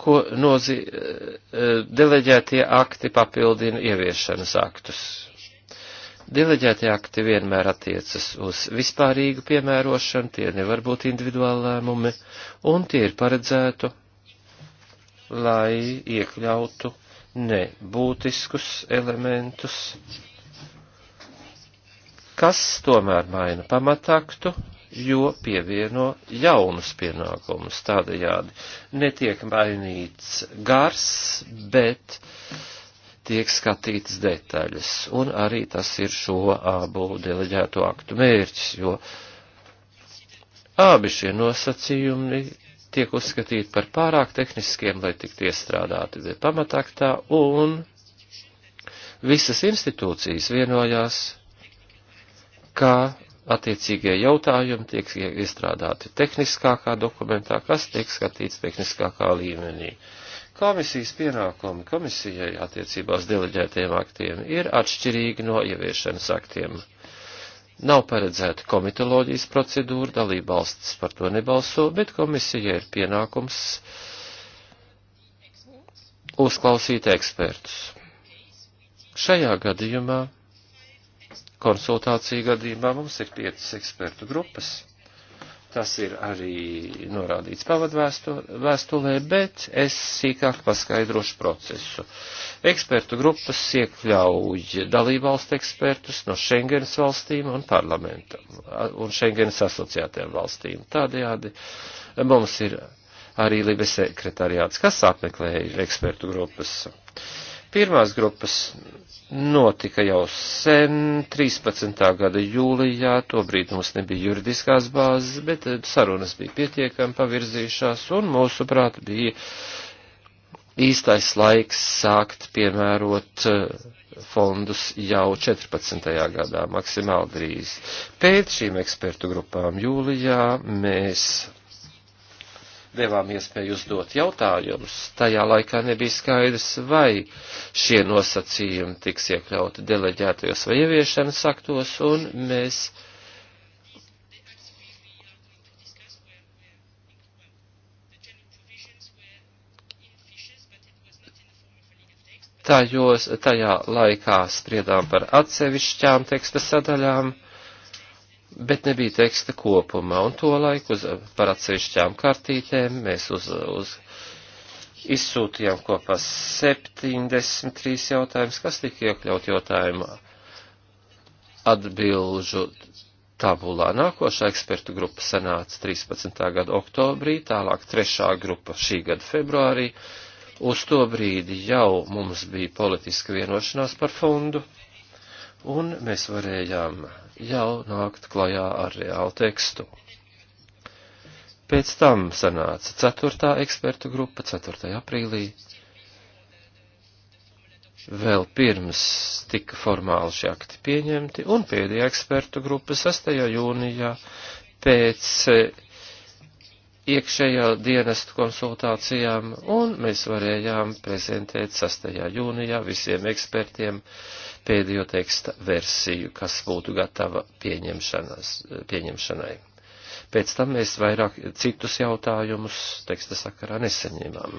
ko nozi, eh, eh, deleģētie akti papildina ieviešanas aktus. Deleģētie akti vienmēr attiecas uz vispārīgu piemērošanu, tie nevar būt individuāli lēmumi, un tie ir paredzētu, lai iekļautu nebūtiskus elementus, kas tomēr maina pamataktu, jo pievieno jaunus pienākumus. Tādējādi netiek mainīts gars, bet tiek skatītas detaļas. Un arī tas ir šo abu deleģēto aktu mērķis, jo abi šie nosacījumi tiek uzskatīti par pārāk tehniskiem, lai tiktu iestrādāti pamataktā, un visas institūcijas vienojās, ka attiecīgie jautājumi tiek iestrādāti tehniskākā dokumentā, kas tiek skatīts tehniskākā līmenī. Komisijas pienākumi komisijai attiecībās deleģētiem aktiem ir atšķirīgi no ieviešanas aktiem. Nav paredzēta komitoloģijas procedūra, dalībvalstis par to nebalso, bet komisija ir pienākums uzklausīt ekspertus. Šajā gadījumā Konsultāciju gadījumā mums ir piecas ekspertu grupas. Tas ir arī norādīts pavadvēstulē, bet es sīkāk paskaidrošu procesu. Ekspertu grupas iekļauj dalībvalstu ekspertus no Schengenas valstīm un parlamentam un Schengenas asociētajām valstīm. Tādējādi mums ir arī Libes sekretariāts, kas apmeklēja ekspertu grupas. Pirmās grupas notika jau sen, 13. gada jūlijā, tobrīd mums nebija juridiskās bāzes, bet eh, sarunas bija pietiekami pavirzījušās, un mūsuprāt bija īstais laiks sākt piemērot eh, fondus jau 14. gadā, maksimāli drīz. Pēc šīm ekspertu grupām jūlijā mēs devām iespēju uzdot jautājumus. Tajā laikā nebija skaidrs, vai šie nosacījumi tiks iekļauti deleģētajos vai ieviešanas aktos, un mēs tajos, tajā laikā spriedām par atsevišķām teksta sadaļām bet nebija teksta kopumā, un to laiku uz, par atsevišķām kartītēm mēs uz, uz izsūtījām kopā 73 jautājumus, kas tika iekļaut jautājumā atbilžu tabulā. Nākošā ekspertu grupa sanāca 13. gada oktobrī, tālāk trešā grupa šī gada februārī. Uz to brīdi jau mums bija politiska vienošanās par fondu, un mēs varējām jau nākt klajā ar reālu tekstu. Pēc tam sanāca ceturtā ekspertu grupa 4. aprīlī. Vēl pirms tika formāli šie akti pieņemti, un pēdējā ekspertu grupa 6. jūnijā pēc iekšējā dienestu konsultācijām, un mēs varējām prezentēt 6. jūnijā visiem ekspertiem pēdējo teksta versiju, kas būtu gatava pieņemšanai. Pēc tam mēs vairāk citus jautājumus teksta sakarā nesaņēmām.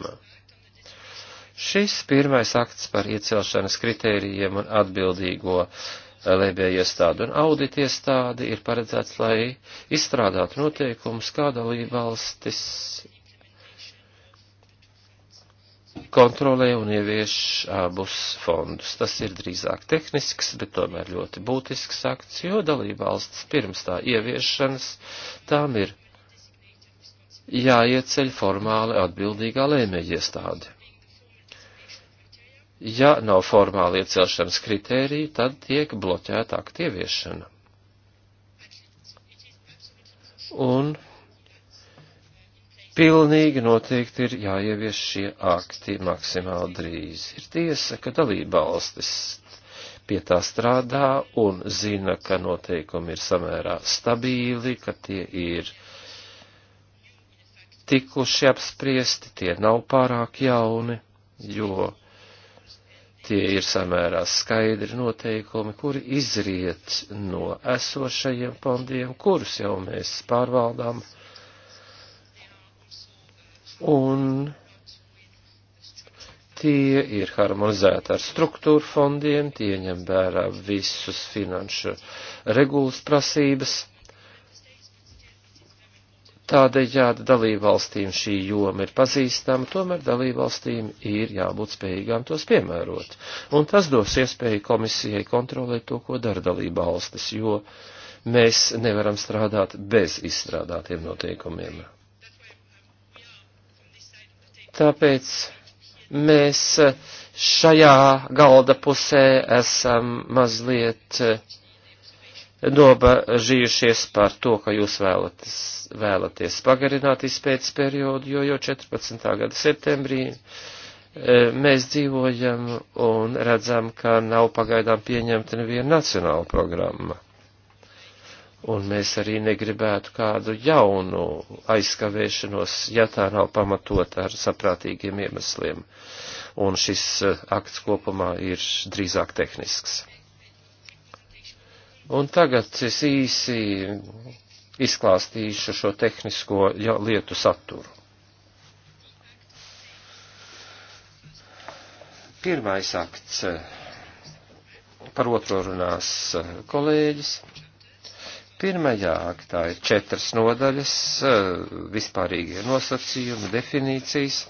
Šis pirmais akts par iecelšanas kritērijiem un atbildīgo uh, lēmēja iestāde un audita iestāde ir paredzēts, lai izstrādātu noteikumus, kā dalība valstis kontrolē un ievieš abus fondus. Tas ir drīzāk tehnisks, bet tomēr ļoti būtisks akts, jo dalībvalsts pirms tā ieviešanas tām ir jāieceļ formāli atbildīgā lēmējiestāde. Ja nav formāli iecelšanas kritērija, tad tiek bloķēta aktīviešana. Un pilnīgi noteikti ir jāievieš šie akti maksimāli drīz. Ir tiesa, ka dalībvalstis pie tā strādā un zina, ka noteikumi ir samērā stabīli, ka tie ir tikuši apspriesti, tie nav pārāk jauni, jo tie ir samērā skaidri noteikumi, kuri izriet no esošajiem fondiem, kurus jau mēs pārvaldām. Un tie ir harmonizēti ar struktūru fondiem, tie ņem vērā visus finanšu regulas prasības Tādējādi dalībvalstīm šī joma ir pazīstama, tomēr dalībvalstīm ir jābūt spējīgām tos piemērot. Un tas dos iespēju komisijai kontrolēt to, ko dara dalībvalstis, jo mēs nevaram strādāt bez izstrādātiem noteikumiem. Tāpēc mēs šajā galda pusē esam mazliet uh, nobažījušies par to, ka jūs vēlaties, vēlaties pagarināt izpētes periodu, jo jau 14. gada septembrī e, mēs dzīvojam un redzam, ka nav pagaidām pieņemta neviena nacionāla programma. Un mēs arī negribētu kādu jaunu aizkavēšanos, ja tā nav pamatota ar saprātīgiem iemesliem. Un šis e, akts kopumā ir drīzāk tehnisks. Un tagad es īsi izklāstīšu šo tehnisko lietu saturu. Pirmais akts, eh, par otro runās eh, kolēģis. Pirmajā aktā ir četras nodaļas, eh, vispārīgie nosacījumi, definīcijas,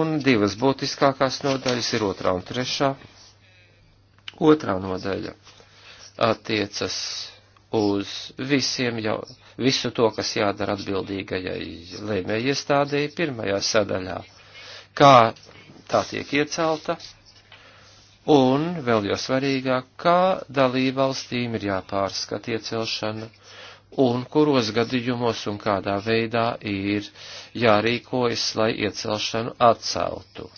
un divas būtiskākās nodaļas ir otrā un trešā. Otrā nodaļa attiecas uz visiem jau, visu to, kas jādara atbildīgajai lēmēji iestādēji pirmajā sadaļā, kā tā tiek iecelta, un vēl jau svarīgāk, kā dalībvalstīm ir jāpārskata iecelšana un kuros gadījumos un kādā veidā ir jārīkojas, lai iecelšanu atceltu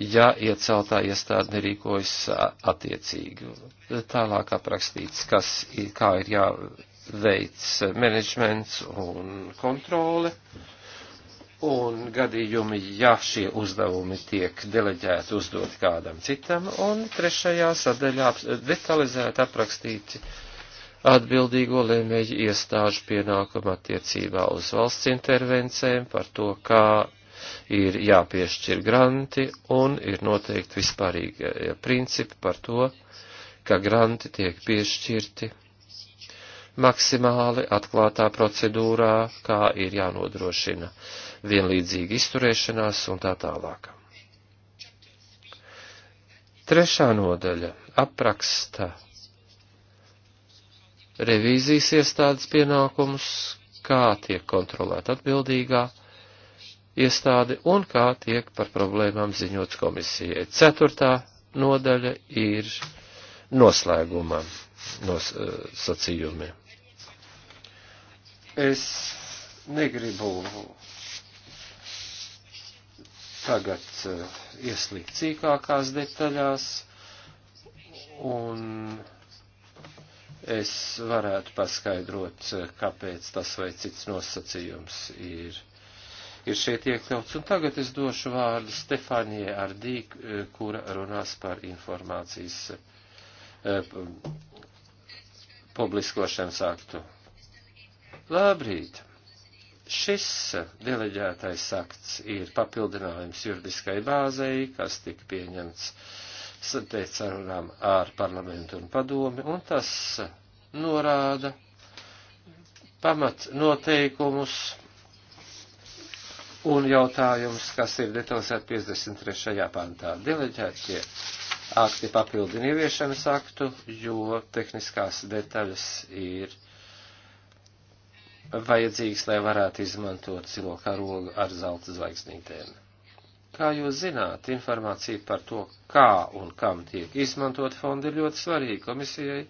ja ieceltā iestāde nerīkojas attiecīgi. Tālāk aprakstīts, kas, ir, kā ir jāveic menedžments un kontrole. Un gadījumi, ja šie uzdevumi tiek deleģēti uzdot kādam citam, un trešajā sadaļā detalizēti aprakstīti atbildīgo lēmēju iestāžu pienākumu attiecībā uz valsts intervencēm par to, kā ir jāpiešķir granti un ir noteikti vispārīgi principi par to, ka granti tiek piešķirti maksimāli atklātā procedūrā, kā ir jānodrošina vienlīdzīga izturēšanās un tā tālāk. Trešā nodaļa apraksta revīzijas iestādes pienākumus, kā tiek kontrolēta atbildīgā iestādi un kā tiek par problēmām ziņots komisijai. Ceturtā nodaļa ir noslēguma nosacījumi. Eh, es negribu tagad eh, ieslīgt cīkākās detaļās, un es varētu paskaidrot, eh, kāpēc tas vai cits nosacījums ir ir šeit iekļauts. Un tagad es došu vārdu Stefānijai Ardī, eh, kura runās par informācijas eh, publiskošanas aktu. Labrīt! Šis deleģētais akts ir papildinājums juridiskai bāzei, kas tika pieņemts pēc sarunām ar parlamentu un padomi, un tas norāda pamat noteikumus un jautājums, kas ir detalizēti 53. pantā. Deleģētie akti papildina ieviešanas aktu, jo tehniskās detaļas ir vajadzīgas, lai varētu izmantot zilo karogu ar zelta zvaigznītēm. Kā jūs zināt, informācija par to, kā un kam tiek izmantot fondi ir ļoti svarīga komisijai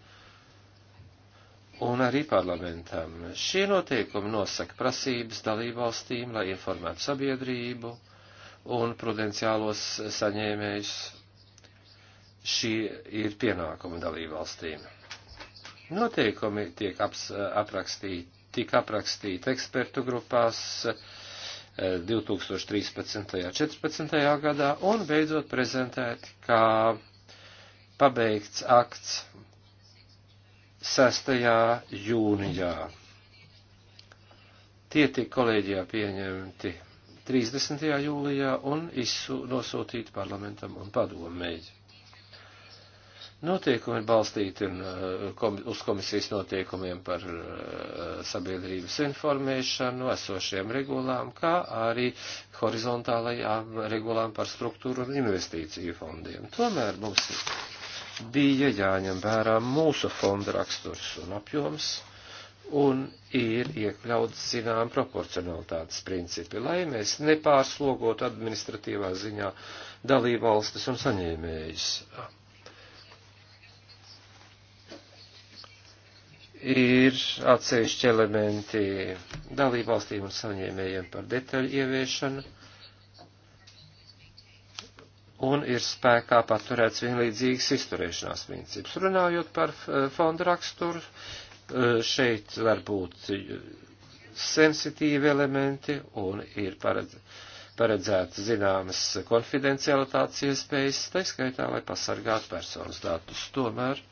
un arī parlamentam. Šie noteikumi nosaka prasības dalībvalstīm, lai informētu sabiedrību un prudenciālos saņēmējus. Šie ir pienākumi dalībvalstīm. Noteikumi tiek aps, aprakstīti, tika aprakstīti ekspertu grupās 2013. un 2014. gadā un beidzot prezentēti kā pabeigts akts 6. jūnijā. Tie tika kolēģijā pieņemti 30. jūlijā un izsu nosūtīti parlamentam un padomēji. Notiekumi ir balstīti un, eh, kom, uz komisijas notiekumiem par eh, sabiedrības informēšanu, esošiem regulām, kā arī horizontālajām regulām par struktūru un investīciju fondiem. Tomēr mums ir bija jāņem vērā mūsu fonda raksturs un apjoms, un ir iekļauts zinām proporcionalitātes principi, lai mēs nepārslogotu administratīvā ziņā dalībvalstis un saņēmējus. ir atsevišķi elementi dalībvalstīm un saņēmējiem par detaļu ieviešanu, un ir spēkā paturēts vienlīdzīgas izturēšanās princips. Runājot par eh, fonda raksturu, eh, šeit var būt eh, sensitīvi elementi un ir paredz, paredzēta zināmas konfidencialitātes iespējas, taiskaitā, lai pasargātu personas datus. Tomēr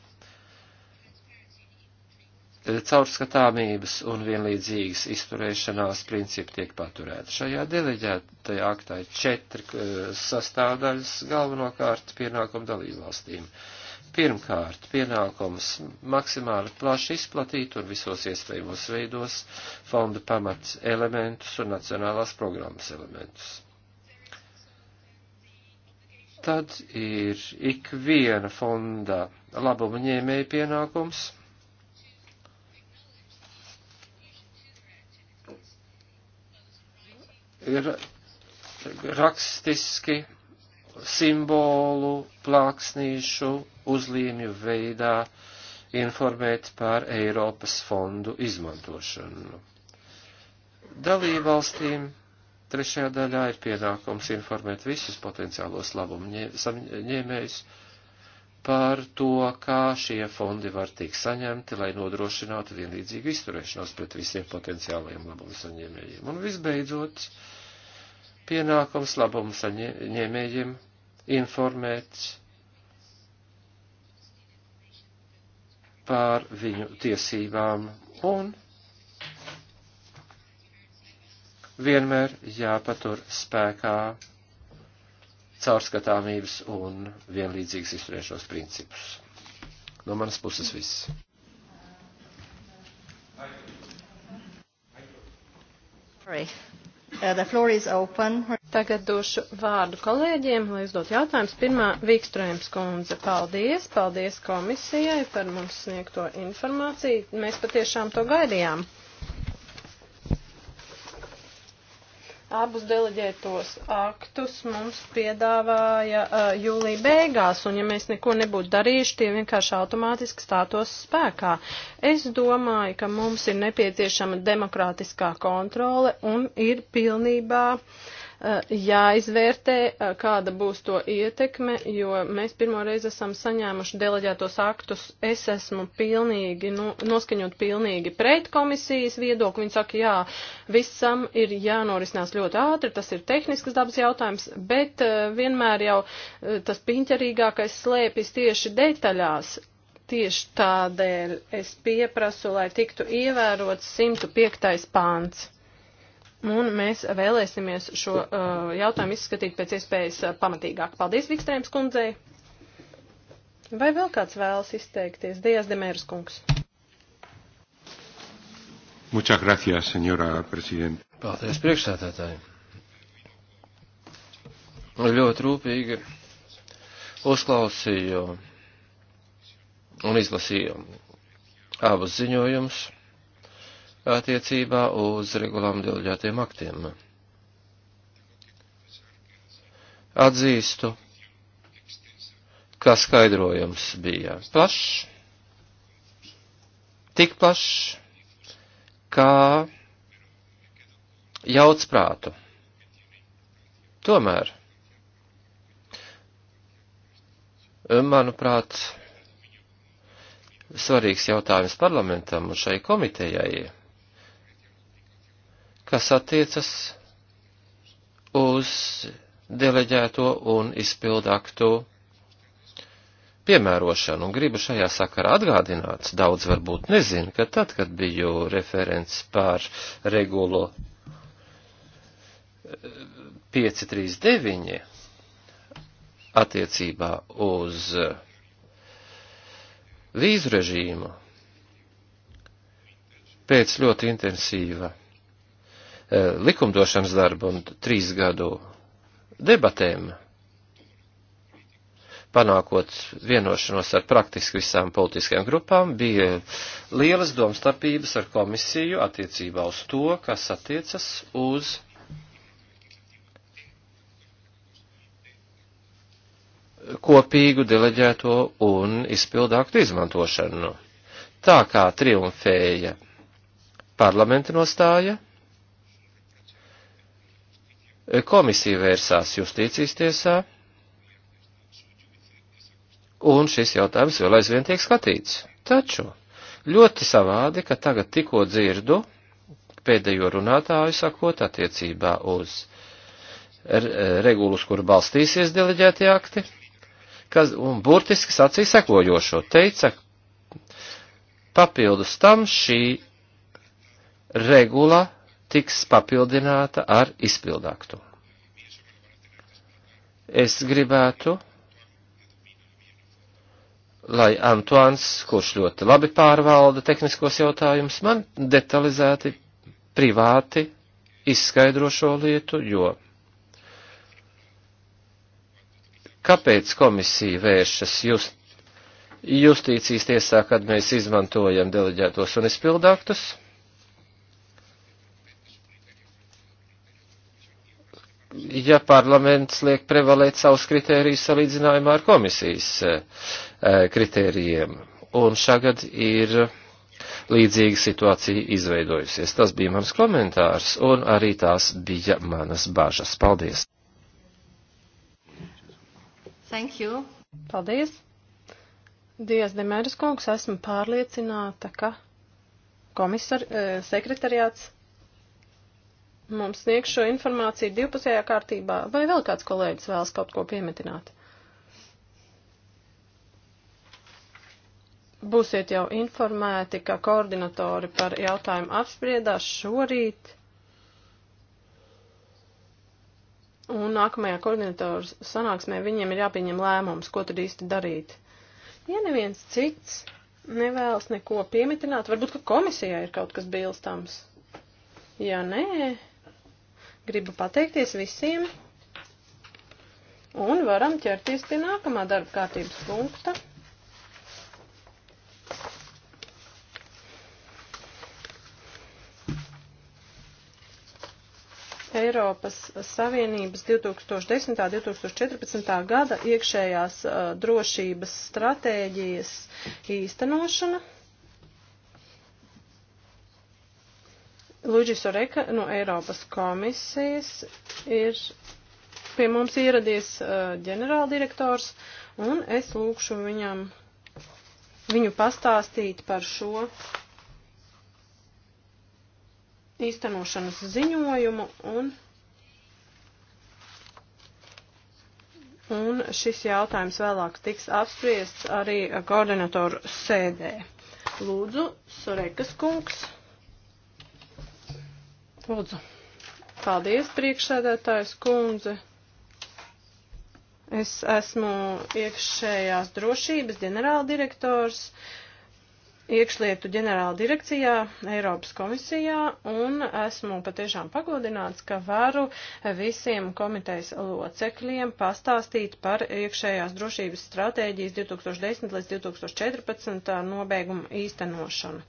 caurskatāmības un vienlīdzīgas izturēšanās principi tiek paturēti. Šajā deleģētajā aktā ir četri eh, sastāvdaļas galvenokārt pienākumu dalībvalstīm. Pirmkārt, pienākums maksimāli plaši izplatīt un visos iespējamos veidos fonda pamats elementus un nacionālās programmas elementus tad ir ikviena fonda labuma ņēmēja pienākums ir rakstiski simbolu, plāksnīšu, uzlīmju veidā informēt par Eiropas fondu izmantošanu. Dalībvalstīm trešajā daļā ir pienākums informēt visus potenciālos labumu ņēmējus par to, kā šie fondi var tikt saņemti, lai nodrošinātu vienlīdzīgu izturēšanos pret visiem potenciālajiem labumu saņēmējiem. Un visbeidzot, uh, pienākums labumu saņēmējiem informēt pār viņu tiesībām un vienmēr jāpatur spēkā caurskatāmības un vienlīdzīgas izturēšanos principus. No manas puses viss. Sorry. Uh, Tagad došu vārdu kolēģiem, lai uzdot jautājumus. Pirmā Vīkstrēms kundze, paldies, paldies komisijai par mums sniegto informāciju. Mēs patiešām to gaidījām. Abus deleģētos aktus mums piedāvāja uh, jūlija beigās, un ja mēs neko nebūtu darījuši, tie vienkārši automātiski stātos spēkā. Es domāju, ka mums ir nepieciešama demokrātiskā kontrole un ir pilnībā uh, Eh, jāizvērtē, eh, kāda būs to ietekme, jo mēs pirmo reizi esam saņēmuši deleģētos aktus. Es esmu pilnīgi, nu, noskaņot pilnīgi pret komisijas viedokli. Viņi saka, jā, visam ir jānorisinās ļoti ātri, tas ir tehnisks dabas jautājums, bet eh, vienmēr jau tas piņķerīgākais slēpjas tieši detaļās. Tieši tādēļ es pieprasu, lai tiktu ievērots 105. pāns. Un mēs vēlēsimies šo uh, jautājumu izskatīt pēc iespējas uh, pamatīgāk. Paldies, Vikstrēms kundzei! Vai vēl kāds vēlas izteikties? Dijas Demēras kungs. Muchas gracias, senora presidente. Paldies, priekšsētātāji. Ļoti rūpīgi uzklausīju un izlasīju abus ziņojumus attiecībā uz regulām dilģētiem aktiem. Atzīstu, ka skaidrojums bija plašs, tik plašs, kā jauc prātu. Tomēr, manuprāt, svarīgs jautājums parlamentam un šai komitejai kas attiecas uz deleģēto un izpildaktu piemērošanu, un gribu šajā sakarā atgādināt, daudz varbūt nezinu, ka tad, kad biju referents pār regulu 539 attiecībā uz vīzu režīmu pēc ļoti intensīva Eh, likumdošanas darbu un trīs gadu debatēm, panākot vienošanos ar praktiski visām politiskajām grupām, bija lielas domstarpības ar komisiju attiecībā uz to, kas attiecas uz kopīgu deleģēto un izpildāktu izmantošanu. Tā kā triumfēja parlamenta nostāja, Komisija vērsās justīcijas tiesā, un šis jautājums vēl aizvien tiek skatīts. Taču ļoti savādi, ka tagad tikko dzirdu pēdējo runātāju sakot attiecībā uz regulas, kur balstīsies deleģēti akti, kas, un burtiski sacīja sekojošo, teica, papildus tam šī regula tiks papildināta ar izpildaktu. Es gribētu, lai Antoans, kurš ļoti labi pārvalda tehniskos jautājumus, man detalizēti privāti izskaidro šo lietu, jo kāpēc komisija vēršas just, justīcijas tiesā, kad mēs izmantojam deleģētos un izpildaktus? ja parlaments liek prevalēt savus kritērijus salīdzinājumā ar komisijas eh, eh, kritērijiem. Un šagad ir līdzīga situācija izveidojusies. Tas bija mans komentārs, un arī tās bija manas bažas. Paldies! Thank you! Paldies! Dievs, Demēras kungs, esmu pārliecināta, ka komisar, eh, sekretariāts mums sniegs šo informāciju divpusējā kārtībā, vai vēl kāds kolēģis vēlas kaut ko piemetināt? Būsiet jau informēti, ka koordinatori par jautājumu apspriedās šorīt. Un nākamajā koordinatoru sanāksmē viņiem ir jāpieņem lēmums, ko tad īsti darīt. Ja neviens cits nevēlas neko piemetināt, varbūt, ka komisijā ir kaut kas bilstams. Ja nē, Gribu pateikties visiem un varam ķerties pie nākamā darba kārtības punkta. Eiropas Savienības 2010.-2014. gada iekšējās uh, drošības stratēģijas īstenošana. Luģis Oreka no Eiropas komisijas ir pie mums ieradies uh, ģenerāldirektors, un es lūkšu viņam, viņu pastāstīt par šo īstenošanas ziņojumu, un, un šis jautājums vēlāk tiks apspriests arī koordinatoru sēdē. Lūdzu, Sorekas kungs. Lūdzu. Paldies, priekšsēdētājs kundze. Es esmu iekšējās drošības ģenerāldirektors iekšlietu ģenerāla direkcijā Eiropas komisijā un esmu patiešām pagodināts, ka varu visiem komitejas locekļiem pastāstīt par iekšējās drošības stratēģijas 2010 līdz 2014 nobeigumu īstenošanu.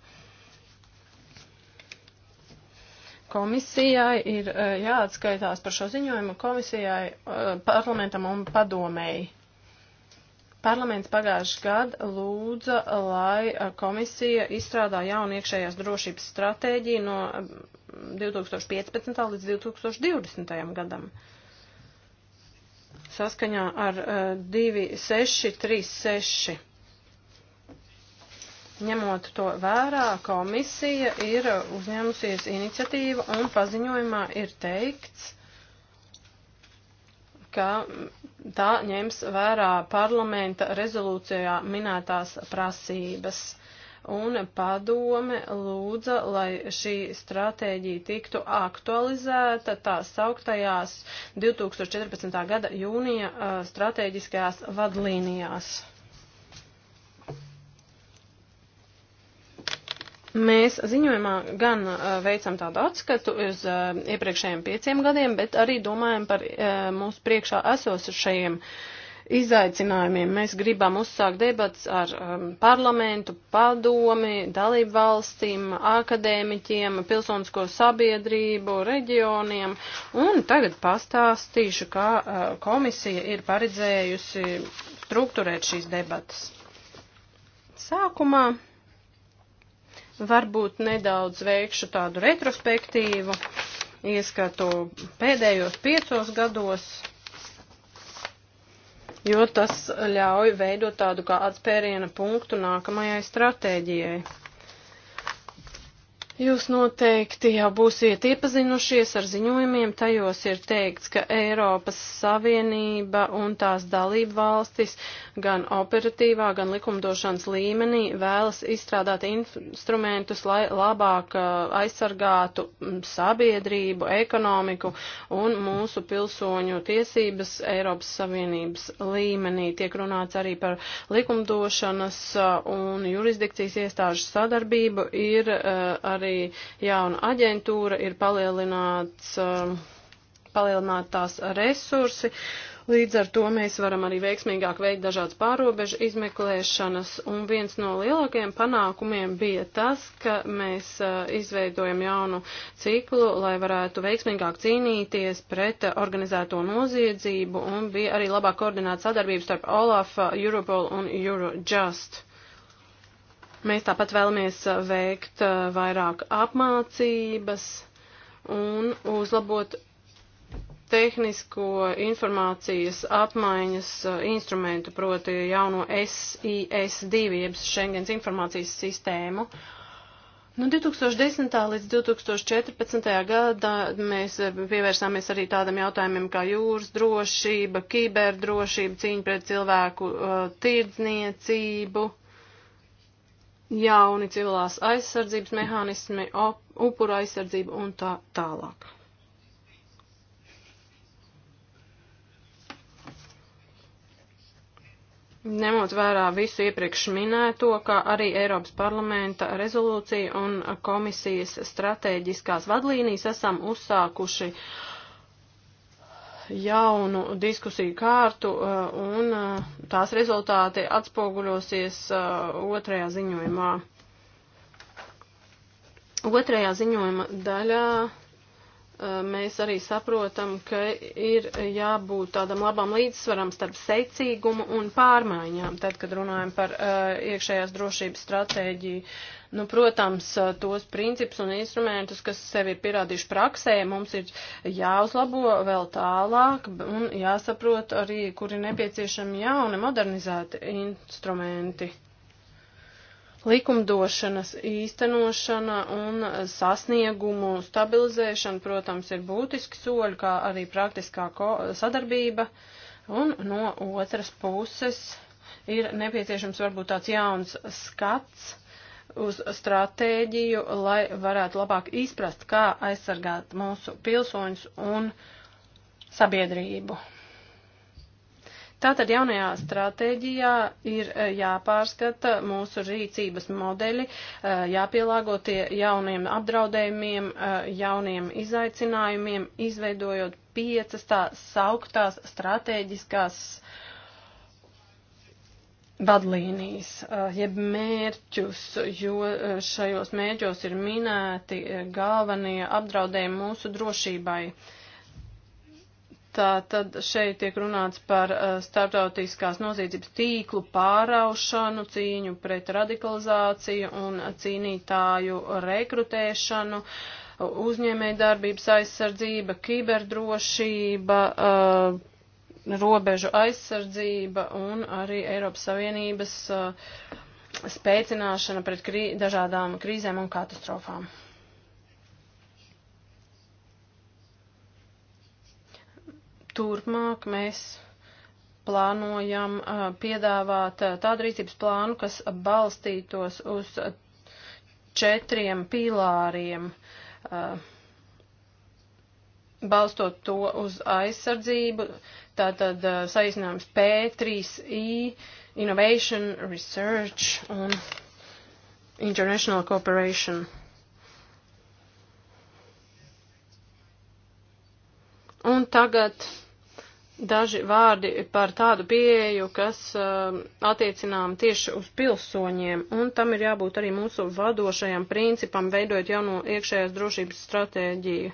Komisijai ir e, jāatskaitās par šo ziņojumu komisijai, e, parlamentam un padomēji. Parlaments pagājuši gadu lūdza, lai e, komisija izstrādā jaunu iekšējās drošības stratēģiju no 2015. līdz 2020. gadam saskaņā ar uh, 2636. Ņemot to vērā, komisija ir uzņēmusies iniciatīvu un paziņojumā ir teikts, ka tā ņems vērā parlamenta rezolūcijā minētās prasības. Un padome lūdza, lai šī stratēģija tiktu aktualizēta tās augtajās 2014. gada jūnija stratēģiskajās vadlīnijās. Mēs ziņojumā gan uh, veicam tādu atskatu uz uh, iepriekšējiem pieciem gadiem, bet arī domājam par uh, mūsu priekšā esošajiem izaicinājumiem. Mēs gribam uzsākt debats ar um, parlamentu, padomi, dalību valstīm, akadēmiķiem, pilsonisko sabiedrību, reģioniem. Un tagad pastāstīšu, kā uh, komisija ir paredzējusi struktūrēt šīs debatas. Sākumā Varbūt nedaudz veikšu tādu retrospektīvu, ieskatu pēdējos piecos gados, jo tas ļauj veidot tādu kā atspēriena punktu nākamajai stratēģijai. Jūs noteikti jau būsiet iepazinušies ar ziņojumiem, tajos ir teikts, ka Eiropas Savienība un tās dalība valstis gan operatīvā, gan likumdošanas līmenī vēlas izstrādāt instrumentus, lai labāk uh, aizsargātu mm, sabiedrību, ekonomiku un mūsu pilsoņu tiesības Eiropas Savienības līmenī. Tiek runāts arī par likumdošanas uh, un jurisdikcijas iestāžu sadarbību. Ir, uh, arī arī jauna aģentūra, ir palielināts, um, palielināt tās resursi. Līdz ar to mēs varam arī veiksmīgāk veikt dažādas pārobežu izmeklēšanas, un viens no lielākajiem panākumiem bija tas, ka mēs uh, izveidojam jaunu ciklu, lai varētu veiksmīgāk cīnīties pret uh, organizēto noziedzību, un bija arī labāk koordinēta sadarbība starp OLAF, uh, Europol un Eurojust. Mēs tāpat vēlamies uh, veikt uh, vairāk apmācības un uzlabot tehnisko informācijas apmaiņas uh, instrumentu, proti jauno SIS2, jeb Schengens informācijas sistēmu. No nu, 2010. līdz 2014. gadā mēs pievērsāmies arī tādam jautājumiem kā jūras drošība, kiberdrošība, cīņa pret cilvēku uh, tirdzniecību jauni civilās aizsardzības mehānismi, upura aizsardzība un tā tālāk. Ņemot vērā visu iepriekš minēto, kā arī Eiropas parlamenta rezolūcija un komisijas stratēģiskās vadlīnijas, esam uzsākuši uh, jaunu diskusiju kārtu, uh, un uh, tās rezultāti atspoguļosies uh, otrajā ziņojumā. Otrajā ziņojuma daļā Eh, mēs arī saprotam, ka ir jābūt tādam labam līdzsvaram starp secīgumu un pārmaiņām, tad, kad runājam par uh, iekšējās drošības stratēģiju. Nu, protams, eh, tos principus un instrumentus, kas sev ir pierādījuši praksē, mums ir jāuzlabo vēl tālāk un jāsaprot arī, kur ir nepieciešami jauni modernizēti instrumenti. Likumdošanas īstenošana un sasniegumu stabilizēšana, protams, ir būtiski soļi, kā arī praktiskā sadarbība, un no otras puses ir nepieciešams varbūt tāds jauns skats uz stratēģiju, lai varētu labāk izprast, kā aizsargāt mūsu pilsoņus un sabiedrību. Tātad jaunajā stratēģijā ir e, jāpārskata mūsu rīcības modeļi, e, jāpielāgo tie jauniem apdraudējumiem, e, jauniem izaicinājumiem, izveidojot piecas tā sauktās stratēģiskās vadlīnijas, jeb mērķus, jo šajos mērķos ir minēti galvenie apdraudējumi mūsu drošībai. Uh, Tā tad šeit tiek runāts par uh, starptautiskās noziedzības tīklu pāraušanu, cīņu pret radikalizāciju un cīnītāju rekrutēšanu, uzņēmēja darbības aizsardzība, kiberdrošība, uh, robežu aizsardzība un arī Eiropas Savienības uh, spēcināšana pret krī dažādām krīzēm un katastrofām. turpmāk mēs plānojam piedāvāt tādu rīcības plānu, kas balstītos uz četriem pīlāriem, balstot to uz aizsardzību, tātad saīsinājums P3I, Innovation, Research un International Cooperation. Un tagad daži vārdi par tādu pieeju, kas uh, attiecinām tieši uz pilsoņiem, un tam ir jābūt arī mūsu vadošajam principam, veidojot jauno iekšējās drošības stratēģiju.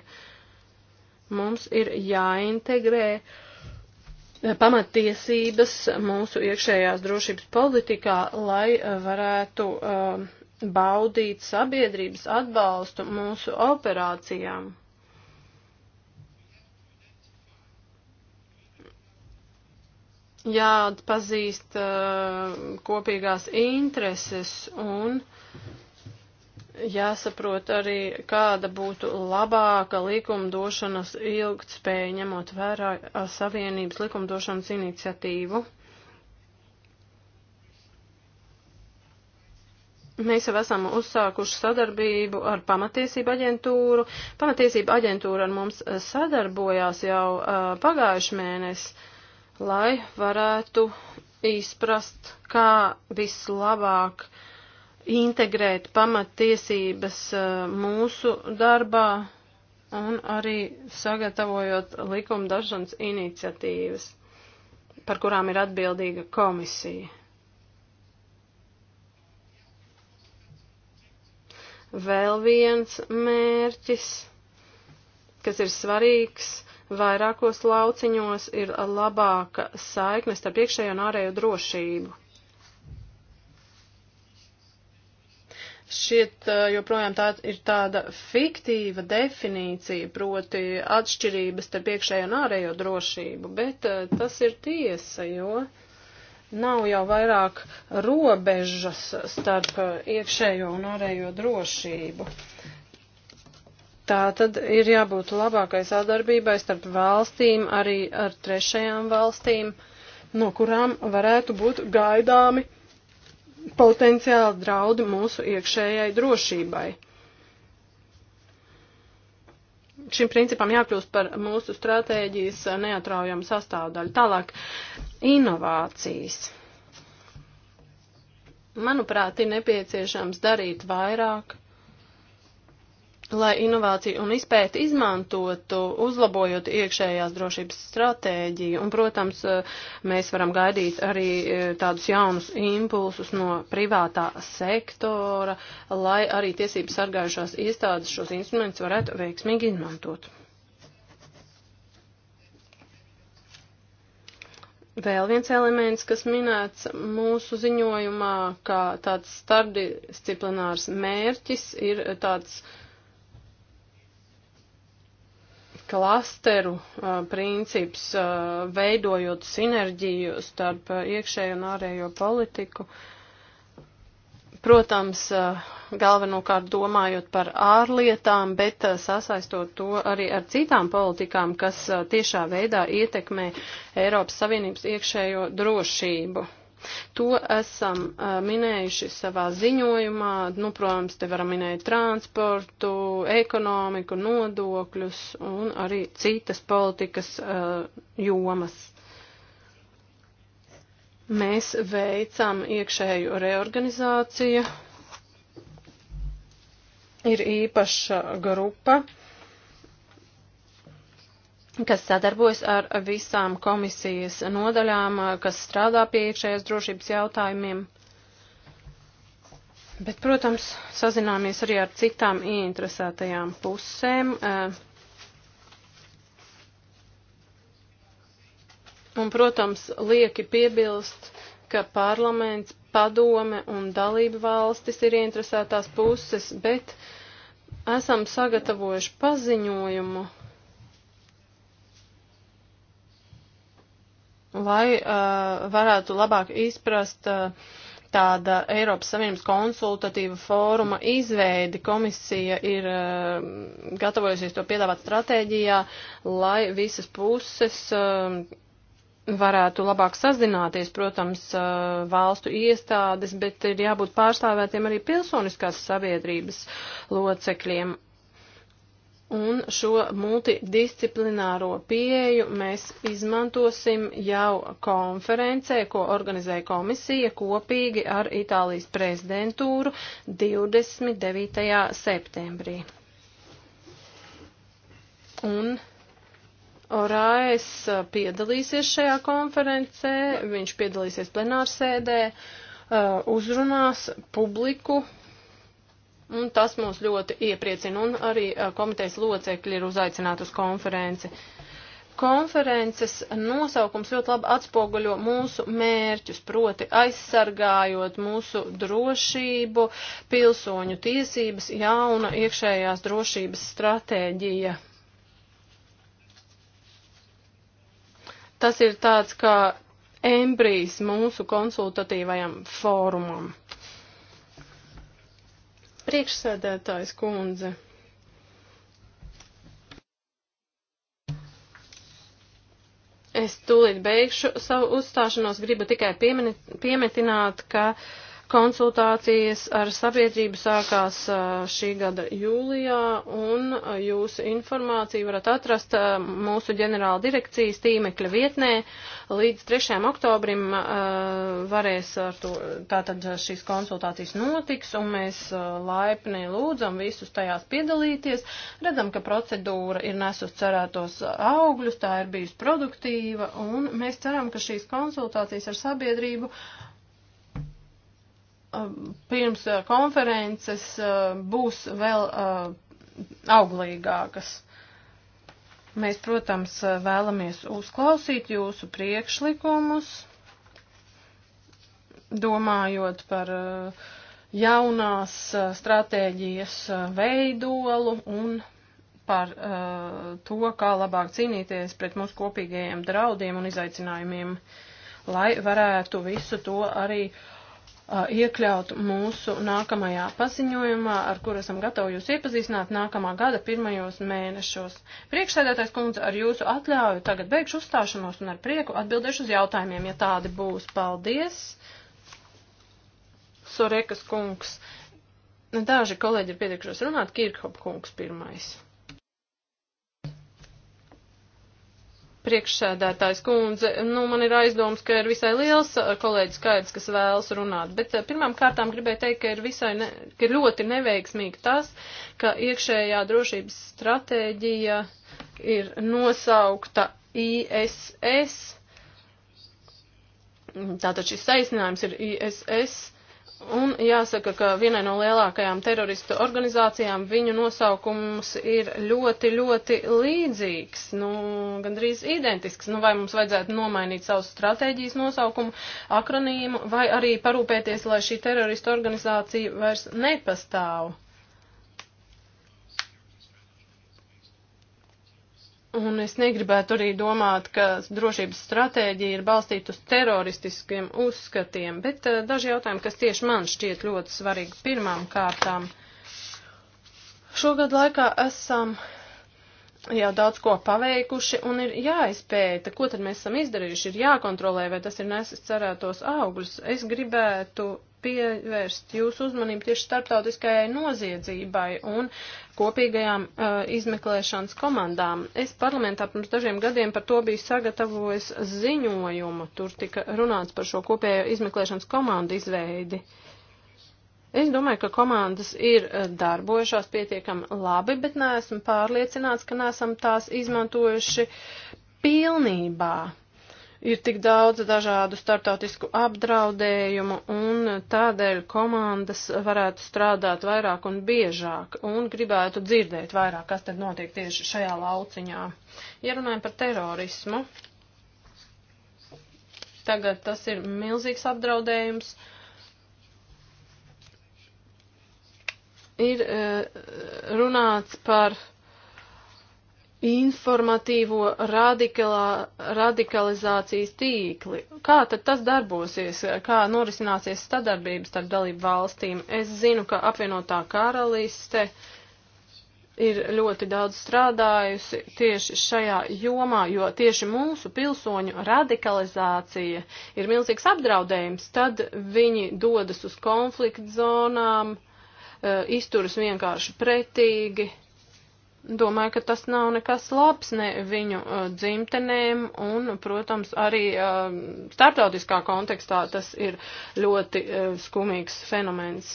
Mums ir jāintegrē pamatiesības mūsu iekšējās drošības politikā, lai varētu uh, baudīt sabiedrības atbalstu mūsu operācijām. jāatpazīst uh, kopīgās intereses un jāsaprot arī, kāda būtu labāka likumdošanas ilgtspēja, ņemot vērā uh, Savienības likumdošanas iniciatīvu. Mēs jau esam uzsākuši sadarbību ar pamatiesību aģentūru. Pamatiesība aģentūra ar mums uh, sadarbojās jau uh, pagājuši mēnesi lai varētu izprast, kā vislabāk integrēt pamattiesības e, mūsu darbā un arī sagatavojot likumdažas iniciatīvas, par kurām ir atbildīga komisija. Vēl viens mērķis, kas ir svarīgs, vairākos lauciņos ir labāka saiknes starp iekšējo un ārējo drošību. Šķiet, eh, joprojām tā ir tāda fiktīva definīcija, proti atšķirības starp iekšējo un ārējo drošību, bet eh, tas ir tiesa, jo nav jau vairāk robežas starp eh, iekšējo un ārējo drošību. Uh, Tā tad ir jābūt labākai sadarbībai starp valstīm, arī ar trešajām valstīm, no kurām varētu būt gaidāmi potenciāli draudi mūsu iekšējai drošībai. Šim principam jākļūst par mūsu stratēģijas neatraujamu sastāvdaļu. Tālāk, inovācijas. Manuprāt, ir nepieciešams darīt vairāk lai inovāciju un izpēti izmantotu, uzlabojot iekšējās drošības stratēģiju. Un, protams, eh, mēs varam gaidīt arī eh, tādus jaunus impulsus no privātā sektora, lai arī tiesības sargājušās iestādes šos instrumentus varētu veiksmīgi izmantot. Vēl viens elements, kas minēts mūsu ziņojumā, kā tāds starpdisciplinārs mērķis, ir tāds uh, klasteru uh, princips, uh, veidojot sinerģiju starp uh, iekšējo un ārējo politiku. Protams, galvenokārt domājot par ārlietām, bet sasaistot to arī ar citām politikām, kas tiešā veidā ietekmē Eiropas Savienības iekšējo drošību. To esam uh, minējuši savā ziņojumā. Nu, protams, te varam minēt transportu, ekonomiku, nodokļus un arī citas politikas uh, jomas. Mēs veicam iekšēju reorganizāciju. Ir īpaša grupa. Uh, kas sadarbojas ar visām komisijas nodaļām, kas strādā pie iekšējās drošības jautājumiem. Bet, protams, sazināmies arī ar citām ieinteresētajām pusēm. Eh, un, protams, lieki piebilst, ka parlaments, padome un dalība valstis ir ieinteresētās puses, bet esam sagatavojuši paziņojumu lai uh, varētu labāk izprast uh, tāda Eiropas Savienības konsultatīva fóruma izveidi. Komisija ir uh, gatavojusies to piedāvāt stratēģijā, lai visas puses uh, varētu labāk sazināties, protams, uh, valstu iestādes, bet ir jābūt pārstāvētiem arī pilsoniskās sabiedrības locekļiem. Un šo multidisciplināro pieeju mēs izmantosim jau konferencē, ko organizēja komisija kopīgi ar Itālijas prezidentūru 29. septembrī. Un Orājas piedalīsies šajā konferencē, viņš piedalīsies plenārsēdē, uh, uzrunās publiku Un tas mūs ļoti iepriecina, un arī komitejas locekļi ir uzaicināti uz konferenci. Konferences nosaukums ļoti labi atspoguļo mūsu mērķus, proti aizsargājot mūsu drošību, pilsoņu tiesības, jauna iekšējās drošības stratēģija. Tas ir tāds kā embrijs mūsu konsultatīvajam fórumam. Priekšsēdētājs kundze. Es tūlīt beigšu savu uzstāšanos, gribu tikai pieminēt, piemetināt, ka uh, Konsultācijas ar sabiedrību sākās šī gada jūlijā, un jūsu informāciju varat atrast mūsu ģenerāla direkcijas tīmekļa vietnē. Līdz 3. oktobrim varēs to, tātad šīs konsultācijas notiks, un mēs laipni lūdzam visus tajās piedalīties. Redzam, ka procedūra ir nesus cerētos augļus, tā ir bijusi produktīva, un mēs ceram, ka šīs konsultācijas ar sabiedrību Eh, pirms eh, konferences eh, būs vēl auglīgākas. Mēs, protams, vēlamies uzklausīt jūsu priekšlikumus, domājot par jaunās stratēģijas veidolu un par to, kā labāk cīnīties pret mūsu kopīgajiem draudiem un izaicinājumiem, lai varētu visu to arī uh, iekļaut mūsu nākamajā paziņojumā, ar kur esam gatavi jūs iepazīstināt nākamā gada pirmajos mēnešos. Priekšsēdētais kundze, ar jūsu atļauju tagad beigšu uzstāšanos un ar prieku atbildēšu uz jautājumiem, ja tādi būs. Paldies! Sorekas kungs. Daži kolēģi ir pietiekušies runāt, Kirkhop kungs pirmais. priekšsēdētājs kundze, nu, man ir aizdoms, ka ir visai liels eh, kolēģis skaidrs, kas vēlas runāt, bet eh, pirmām kārtām gribēju teikt, ka ir visai, ne, ka ir ļoti neveiksmīgi tas, ka iekšējā drošības stratēģija ir nosaukta ISS, tātad šis saīsinājums ir ISS, Un jāsaka, ka vienai no lielākajām teroristu organizācijām viņu nosaukums ir ļoti, ļoti līdzīgs, nu, gandrīz identisks. Nu, vai mums vajadzētu nomainīt savu stratēģijas nosaukumu, akronīmu, vai arī parūpēties, lai šī teroristu organizācija vairs nepastāv? Un es negribētu arī domāt, ka drošības stratēģija ir balstīta uz teroristiskiem uzskatiem, bet uh, daži jautājumi, kas tieši man šķiet ļoti svarīgi pirmām kārtām. Šogad laikā esam jau daudz ko paveikuši un ir jāizpēta, ko tad mēs esam izdarījuši, ir jākontrolē, vai tas ir nesis cerētos augļus. Es gribētu pievērst jūsu uzmanību tieši starptautiskajai noziedzībai un kopīgajām uh, izmeklēšanas komandām. Es parlamentā pirms dažiem gadiem par to biju sagatavojis ziņojumu. Tur tika runāts par šo kopējo izmeklēšanas komandu izveidi. Es domāju, ka komandas ir uh, darbojušās pietiekami labi, bet neesmu pārliecināts, ka neesam tās izmantojuši pilnībā ir tik daudz dažādu startautisku apdraudējumu, un tādēļ komandas varētu strādāt vairāk un biežāk, un gribētu dzirdēt vairāk, kas tad notiek tieši šajā lauciņā. Ja runājam par terorismu, tagad tas ir milzīgs apdraudējums. Ir eh, runāts par informatīvo radikalā, radikalizācijas tīkli. Kā tad tas darbosies, kā norisināsies sadarbības starp dalību valstīm? Es zinu, ka apvienotā karaliste ir ļoti daudz strādājusi tieši šajā jomā, jo tieši mūsu pilsoņu radikalizācija ir milzīgs apdraudējums. Tad viņi dodas uz konflikt zonām, eh, izturas vienkārši pretīgi Domāju, ka tas nav nekas labs ne viņu uh, dzimtenēm un, protams, arī uh, starptautiskā kontekstā tas ir ļoti uh, skumīgs fenomens.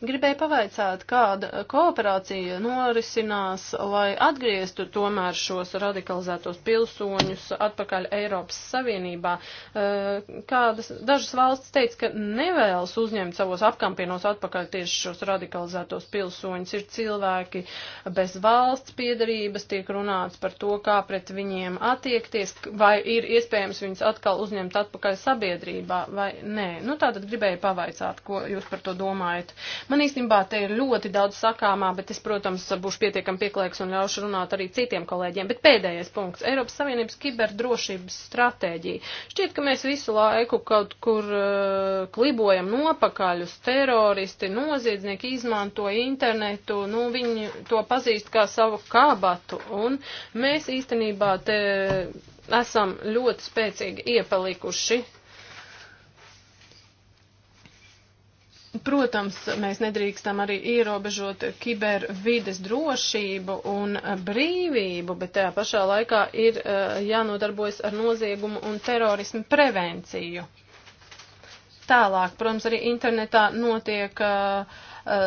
Gribēju pavaicāt, kāda kooperācija norisinās, lai atgrieztu tomēr šos radikalizētos pilsoņus atpakaļ Eiropas Savienībā. Eh, kādas, dažas valsts teica, ka nevēlas uzņemt savos apkampienos atpakaļ tieši šos radikalizētos pilsoņus. Ir cilvēki bez valsts piedarības, tiek runāts par to, kā pret viņiem attiekties, vai ir iespējams viņus atkal uzņemt atpakaļ sabiedrībā vai nē. Nu, tātad gribēju pavaicāt, ko jūs par to domājat. Man īstenībā te ir ļoti daudz sakāmā, bet es, protams, būšu pietiekami pieklājīgs un ļaušu runāt arī citiem kolēģiem. Bet pēdējais punkts - Eiropas Savienības kiberdrošības stratēģija. Šķiet, ka mēs visu laiku kaut kur uh, klibojam nopakaļus. Teroristi, noziedznieki izmanto internetu, nu, viņi to pazīst kā savu kabatu. Un mēs īstenībā te esam ļoti spēcīgi iepalikuši Protams, mēs nedrīkstam arī ierobežot kibervides drošību un brīvību, bet tajā pašā laikā ir eh, jānodarbojas ar noziegumu un terorismu prevenciju. Tālāk, protams, arī internetā notiek uh,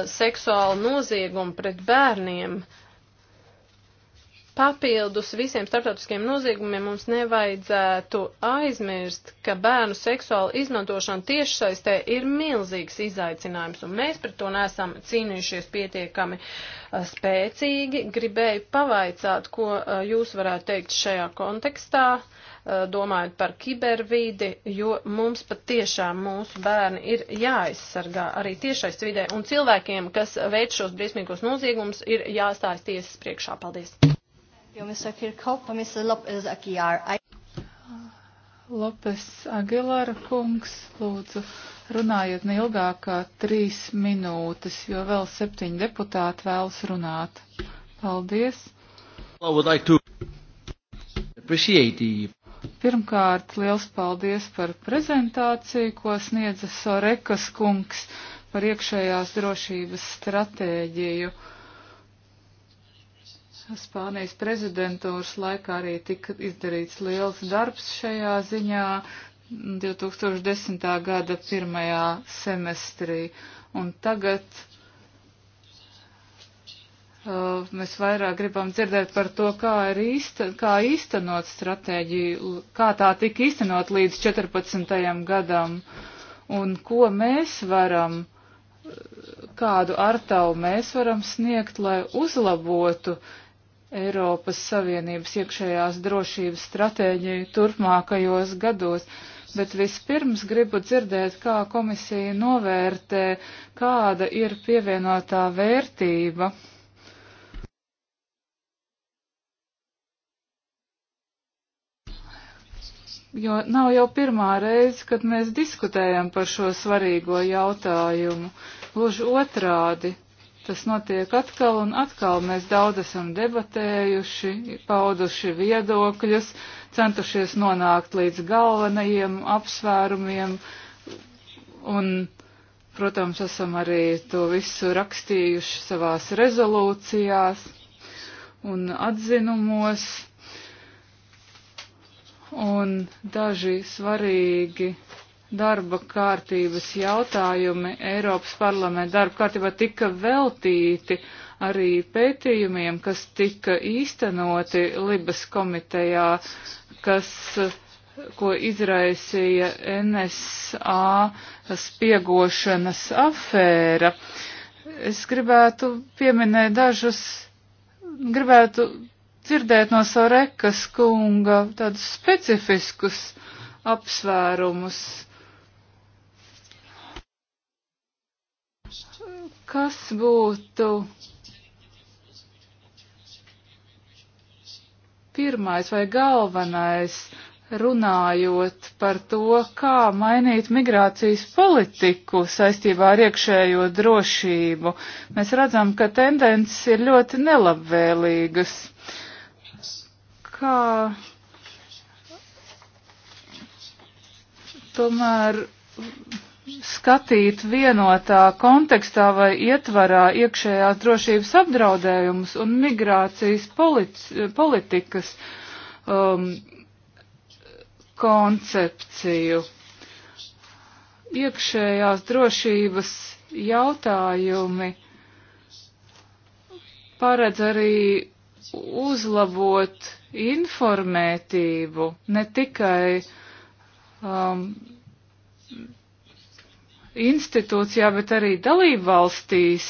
seksuāla nozieguma pret bērniem. Uh, Papildus visiem starptautiskiem noziegumiem mums nevajadzētu aizmirst, ka bērnu seksuāla izmantošana tiešsaistē ir milzīgs izaicinājums, un mēs pret to nesam cīnījušies pietiekami spēcīgi. Gribēju pavaicāt, ko jūs varētu teikt šajā kontekstā, domājot par kibervīdi, jo mums pat tiešām mūsu bērni ir jāaizsargā arī tiešais vidē, un cilvēkiem, kas veic šos briesmīgos noziegumus, ir jāstājas tiesas priekšā. Paldies! Mr. Kirkhope, Mr. Lopez Aguilar. I... Lopes Aguilara kungs, lūdzu, runājiet neilgāk kā trīs minūtes, jo vēl septiņi deputāti vēlas runāt. Paldies. Like to... Pirmkārt, liels paldies par prezentāciju, ko sniedza Sorekas kungs par iekšējās drošības stratēģiju. Uh, Spānijas prezidentūras laikā arī tika izdarīts liels darbs šajā ziņā 2010. gada pirmajā semestrī. Un tagad uh, mēs vairāk gribam dzirdēt par to, kā ir īsta, kā īstenot stratēģiju, kā tā tika īstenot līdz 14. gadam un ko mēs varam kādu artavu mēs varam sniegt, lai uzlabotu Eiropas Savienības iekšējās drošības stratēģiju turpmākajos gados, bet vispirms gribu dzirdēt, kā komisija novērtē, kāda ir pievienotā vērtība jo nav jau pirmā reize, kad mēs diskutējam par šo svarīgo jautājumu. Gluži otrādi, Tas notiek atkal un atkal. Mēs daudz esam debatējuši, pauduši viedokļus, centušies nonākt līdz galvenajiem apsvērumiem un, protams, esam arī to visu rakstījuši savās rezolūcijās un atzinumos. Un daži svarīgi darba kārtības jautājumi Eiropas parlamenta darba kārtībā tika veltīti arī pētījumiem, kas tika īstenoti Libas komitejā, kas, ko izraisīja NSA spiegošanas afēra. Es gribētu pieminēt dažus, gribētu dzirdēt no Sorekas kunga tādus specifiskus apsvērumus kas būtu pirmais vai galvenais runājot par to, kā mainīt migrācijas politiku saistībā ar iekšējo drošību. Mēs redzam, ka tendences ir ļoti nelabvēlīgas. Kā tomēr skatīt vienotā kontekstā vai ietvarā iekšējās drošības apdraudējumus un migrācijas politi politikas um, koncepciju. Iekšējās drošības jautājumi paredz arī uzlabot informētību ne tikai um, institūcijā, bet arī dalību valstīs.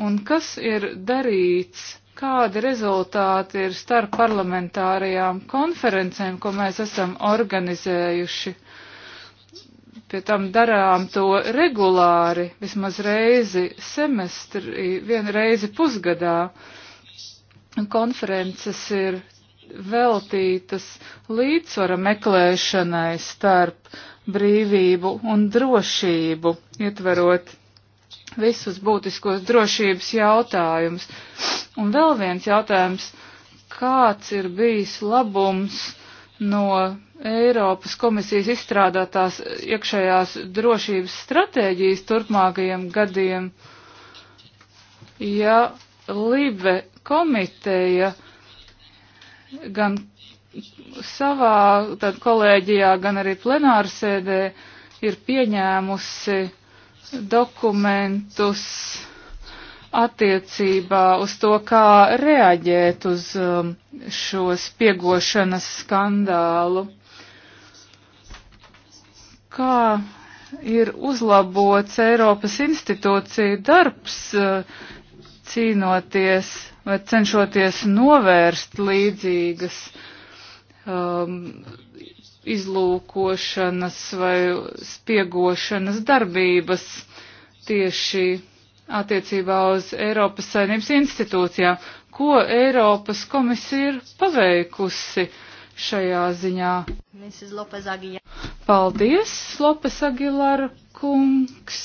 Un kas ir darīts, kādi rezultāti ir starp parlamentārajām konferencēm, ko mēs esam organizējuši. Pie tam darām to regulāri, vismaz reizi semestri, vienu reizi pusgadā. Konferences ir veltītas līdzsvara meklēšanai starp brīvību un drošību, ietverot visus būtiskos drošības jautājumus. Un vēl viens jautājums, kāds ir bijis labums no Eiropas komisijas izstrādātās iekšējās drošības stratēģijas turpmākajiem gadiem, ja Libe komiteja gan savā tad, kolēģijā, gan arī plenārsēdē ir pieņēmusi dokumentus attiecībā uz to, kā reaģēt uz um, šo spiegošanas skandālu. Kā ir uzlabots Eiropas institūcija darbs uh, cīnoties vai cenšoties novērst līdzīgas uh, um, izlūkošanas vai spiegošanas darbības tieši attiecībā uz Eiropas saimnības institūcijām. Ko Eiropas komisija ir paveikusi šajā ziņā? Paldies, Lopes Agilar kungs.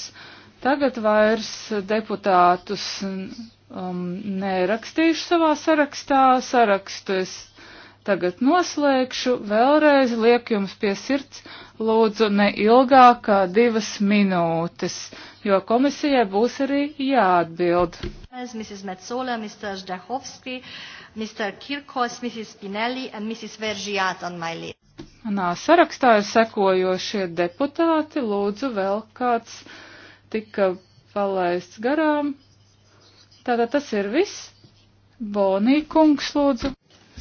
Tagad vairs deputātus um, nerakstīšu savā sarakstā. Sarakstu es tagad noslēgšu, vēlreiz lieku jums pie sirds, lūdzu ne ilgāk kā divas minūtes, jo komisijai būs arī jāatbild. Mrs. Metzola, Mr. Zdahovski, Mr. Kirkos, Mrs. Spinelli and Mrs. Veržiat on my list. Manā sarakstā ir sekojošie deputāti, lūdzu vēl kāds tika palaists garām. Tātad tas ir viss. Bonī kungs, lūdzu.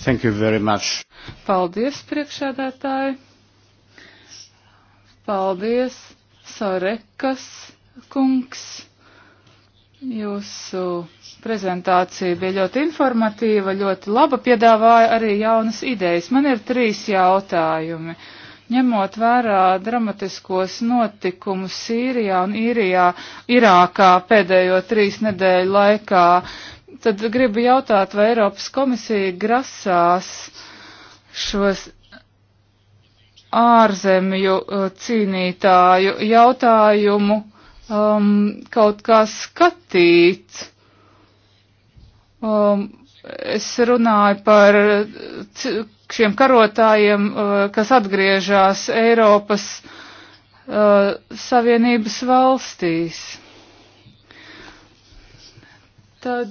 Thank you very much. Paldies, priekšādātāji. Paldies, Sorekas kungs. Jūsu prezentācija bija ļoti informatīva, ļoti laba, piedāvāja arī jaunas idejas. Man ir trīs jautājumi. Ņemot vērā dramatiskos notikumus Sīrijā un Īrijā, Irākā pēdējo trīs nedēļu laikā, tad gribu jautāt, vai Eiropas komisija grasās šos ārzemju uh, cīnītāju jautājumu um, kaut kā skatīt. Um, es runāju par uh, šiem karotājiem, uh, kas atgriežas Eiropas uh, Savienības valstīs. Tad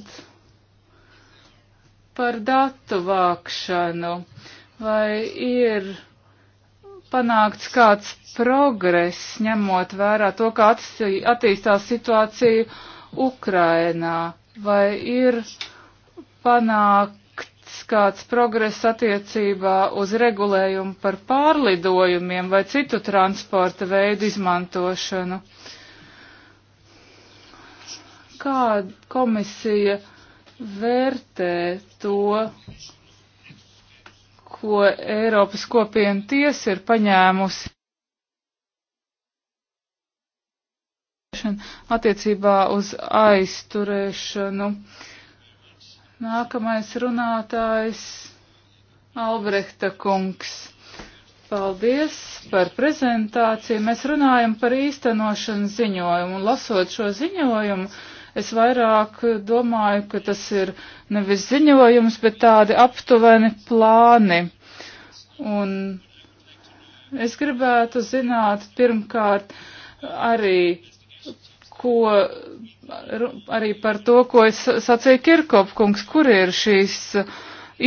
par datu vākšanu. Vai ir panākts kāds progress, ņemot vērā to, kā attīstās situācija Ukrainā? Vai ir panākts kāds progress attiecībā uz regulējumu par pārlidojumiem vai citu transporta veidu izmantošanu? Kā komisija vērtē to, ko Eiropas kopiena tiesa ir paņēmusi attiecībā uz aizturēšanu. Nākamais runātājs Albrehta kungs. Paldies par prezentāciju. Mēs runājam par īstenošanas ziņojumu. Lasot šo ziņojumu, Es vairāk domāju, ka tas ir nevis ziņojums, bet tādi aptuveni plāni. Un es gribētu zināt pirmkārt arī, ko, arī par to, ko es sacīju Kirkopkungs, kur ir šīs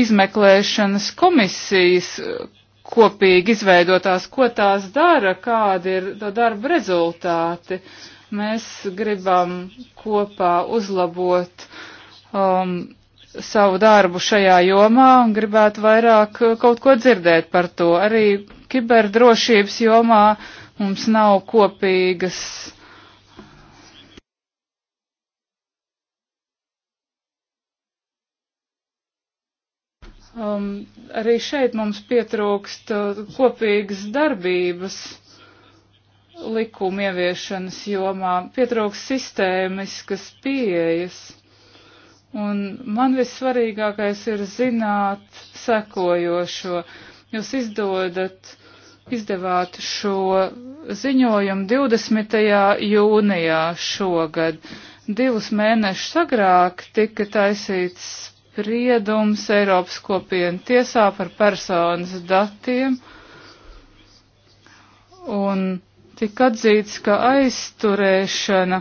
izmeklēšanas komisijas, kopīgi izveidotās, ko tās dara, kādi ir to darba rezultāti. Uh, Mēs gribam kopā uzlabot um, savu darbu šajā jomā un gribētu vairāk uh, kaut ko dzirdēt par to. Arī kiberdrošības jomā mums nav kopīgas. Um, arī šeit mums pietrūkst uh, kopīgas darbības likumu ieviešanas jomā, pietrūks sistēmiskas pieejas. Un man vissvarīgākais ir zināt sekojošo. Jūs izdodat, izdevāt šo ziņojumu 20. jūnijā šogad. Divus mēnešus agrāk tika taisīts spriedums Eiropas kopienu tiesā par personas datiem. Un tika atzīts, ka aizturēšana,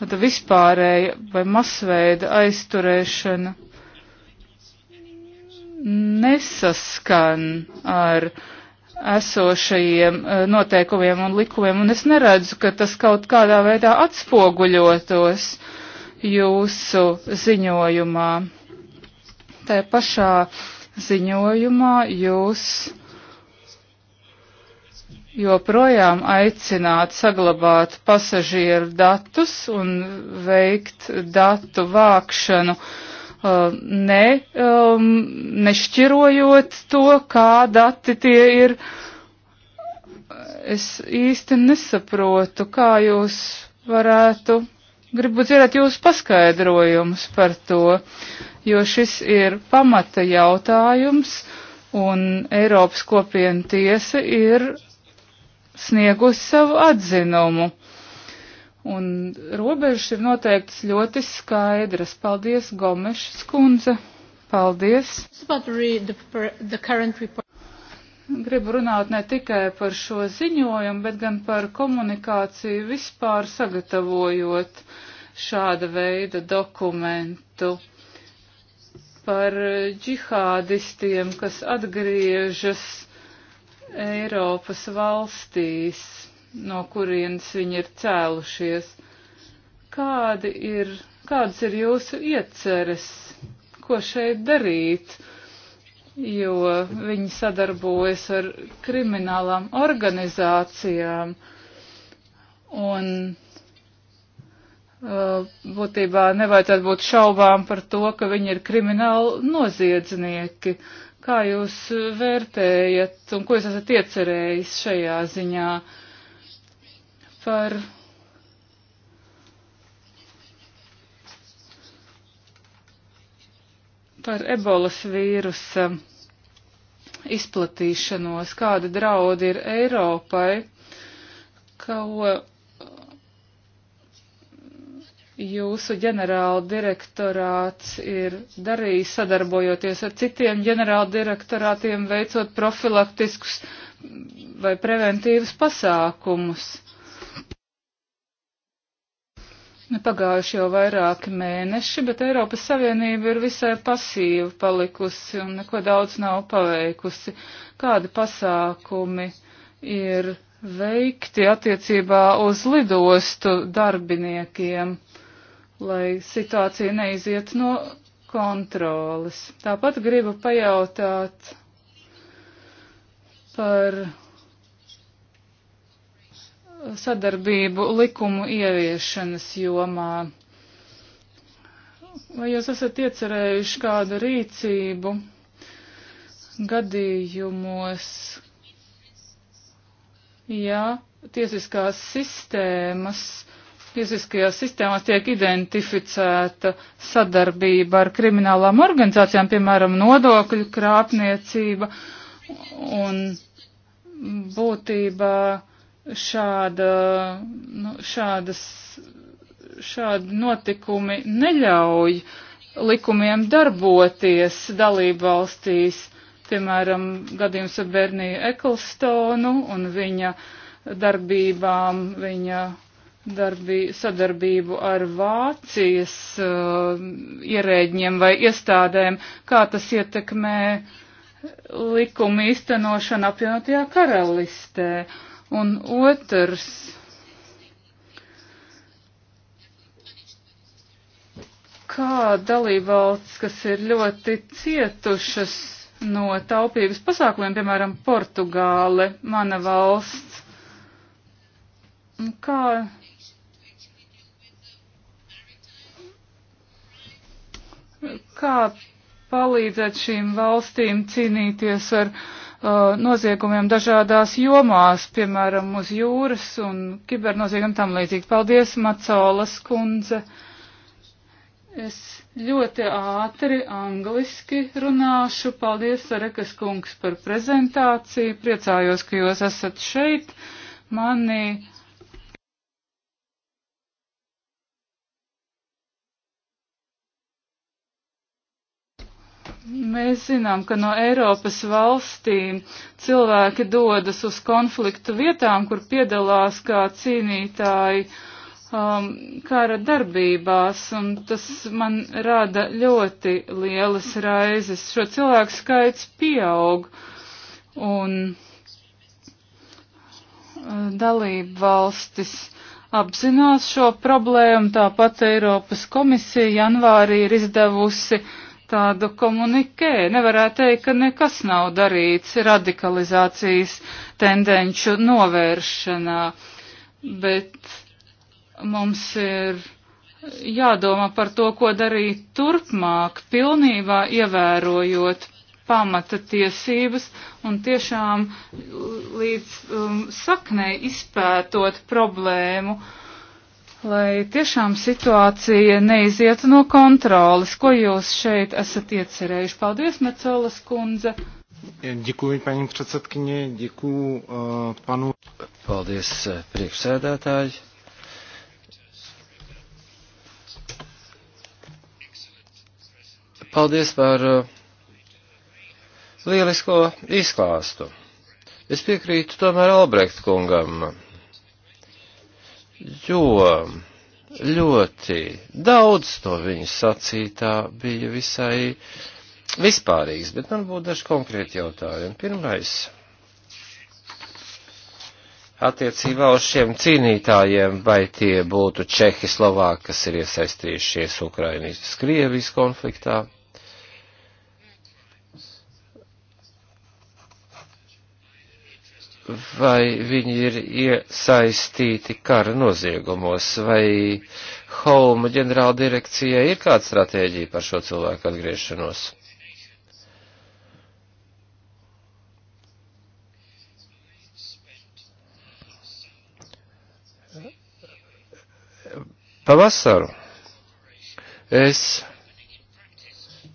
tāda vispārēja vai masveida aizturēšana nesaskan ar esošajiem eh, noteikumiem un likumiem, un es neredzu, ka tas kaut kādā veidā atspoguļotos jūsu ziņojumā. Tā pašā ziņojumā jūs joprojām aicināt saglabāt pasažieru datus un veikt datu vākšanu, uh, ne, um, nešķirojot to, kā dati tie ir. Es īsti nesaprotu, kā jūs varētu, gribu dzirdēt jūsu paskaidrojumus par to, jo šis ir pamata jautājums un Eiropas kopiena tiesa ir sniegus savu atzinumu. Un robežas ir noteikts ļoti skaidras. Paldies, Gomešas kundze. Paldies. Gribu runāt ne tikai par šo ziņojumu, bet gan par komunikāciju vispār sagatavojot šāda veida dokumentu par džihādistiem, kas atgriežas Eiropas valstīs, no kurienes viņi ir cēlušies. Kādi ir, kādas ir jūsu ieceres, ko šeit darīt, jo viņi sadarbojas ar kriminālām organizācijām un Eh, būtībā nevajadzētu būt šaubām par to, ka viņi ir krimināli noziedznieki. Kā jūs vērtējat un ko jūs esat iecerējis šajā ziņā par par ebolas vīrusa izplatīšanos, kāda draudi ir Eiropai, ko jūsu ģenerāla direktorāts ir darījis sadarbojoties ar citiem ģenerāla direktorātiem, veicot profilaktiskus vai preventīvus pasākumus. Nu, pagājuši jau vairāki mēneši, bet Eiropas Savienība ir visai pasīva palikusi un neko daudz nav paveikusi. Kādi pasākumi ir veikti attiecībā uz lidostu darbiniekiem? lai situācija neiziet no kontrolas. Tāpat gribu pajautāt par sadarbību likumu ieviešanas jomā. Vai jūs esat iecerējuši kādu rīcību gadījumos, ja tiesiskās sistēmas uh, fiziskajās sistēmās tiek identificēta sadarbība ar kriminālām organizācijām, piemēram, nodokļu krāpniecība. Un būtībā šāda, nu, šādas, šādi notikumi neļauj likumiem darboties dalību valstīs. Piemēram, gadījums ar Berniju Eklstonu un viņa darbībām, viņa darbī, sadarbību ar Vācijas uh, ierēģiem vai iestādēm, kā tas ietekmē likuma īstenošanu apvienotajā karalistē. Un otrs. Kā dalībvalsts, kas ir ļoti cietušas no taupības pasākumiem, piemēram, Portugāle, mana valsts, kā kā palīdzēt šīm valstīm cīnīties ar uh, noziegumiem dažādās jomās, piemēram, uz jūras un kibernoziegumiem tam līdzīgi. Paldies, Macolas kundze. Es ļoti ātri angliski runāšu. Paldies, Sarekas kungs, par prezentāciju. Priecājos, ka jūs esat šeit. Mani Mēs zinām, ka no Eiropas valstīm cilvēki dodas uz konfliktu vietām, kur piedalās kā cīnītāji um, kara darbībās, un tas man rada ļoti lielas raizes. Šo cilvēku skaits pieaug, un uh, dalību valstis apzinās šo problēmu, tāpat Eiropas komisija janvārī ir izdevusi uh, tādu komunikē. Nevarētu teikt, ka nekas nav darīts radikalizācijas tendenču novēršanā, bet mums ir jādomā par to, ko darīt turpmāk, pilnībā ievērojot pamata tiesības un tiešām um, līdz um, saknei izpētot problēmu. Uh, lai tiešām situācija neizietu no kontrolas. Ko jūs šeit esat iecerējuši? Paldies, Mecolas kundze. Děkuji, paní předsedkyně, děkuji uh, panu. Paldies, eh, priekšsēdētāji. Paldies par eh, lielisko izklāstu. Es piekrītu tomēr Albrecht kungam jo ļoti daudz no viņa sacītā bija visai vispārīgs, bet man būtu daži konkrēti jautājumi. Pirmais attiecībā uz šiem cīnītājiem, vai tie būtu Čehi, Slovāki, kas ir iesaistījušies Ukrainas Krievijas konfliktā. vai viņi ir iesaistīti kara noziegumos, vai Holma ģenerāla direkcijai ir kāda stratēģija par šo cilvēku atgriešanos? Pavasaru es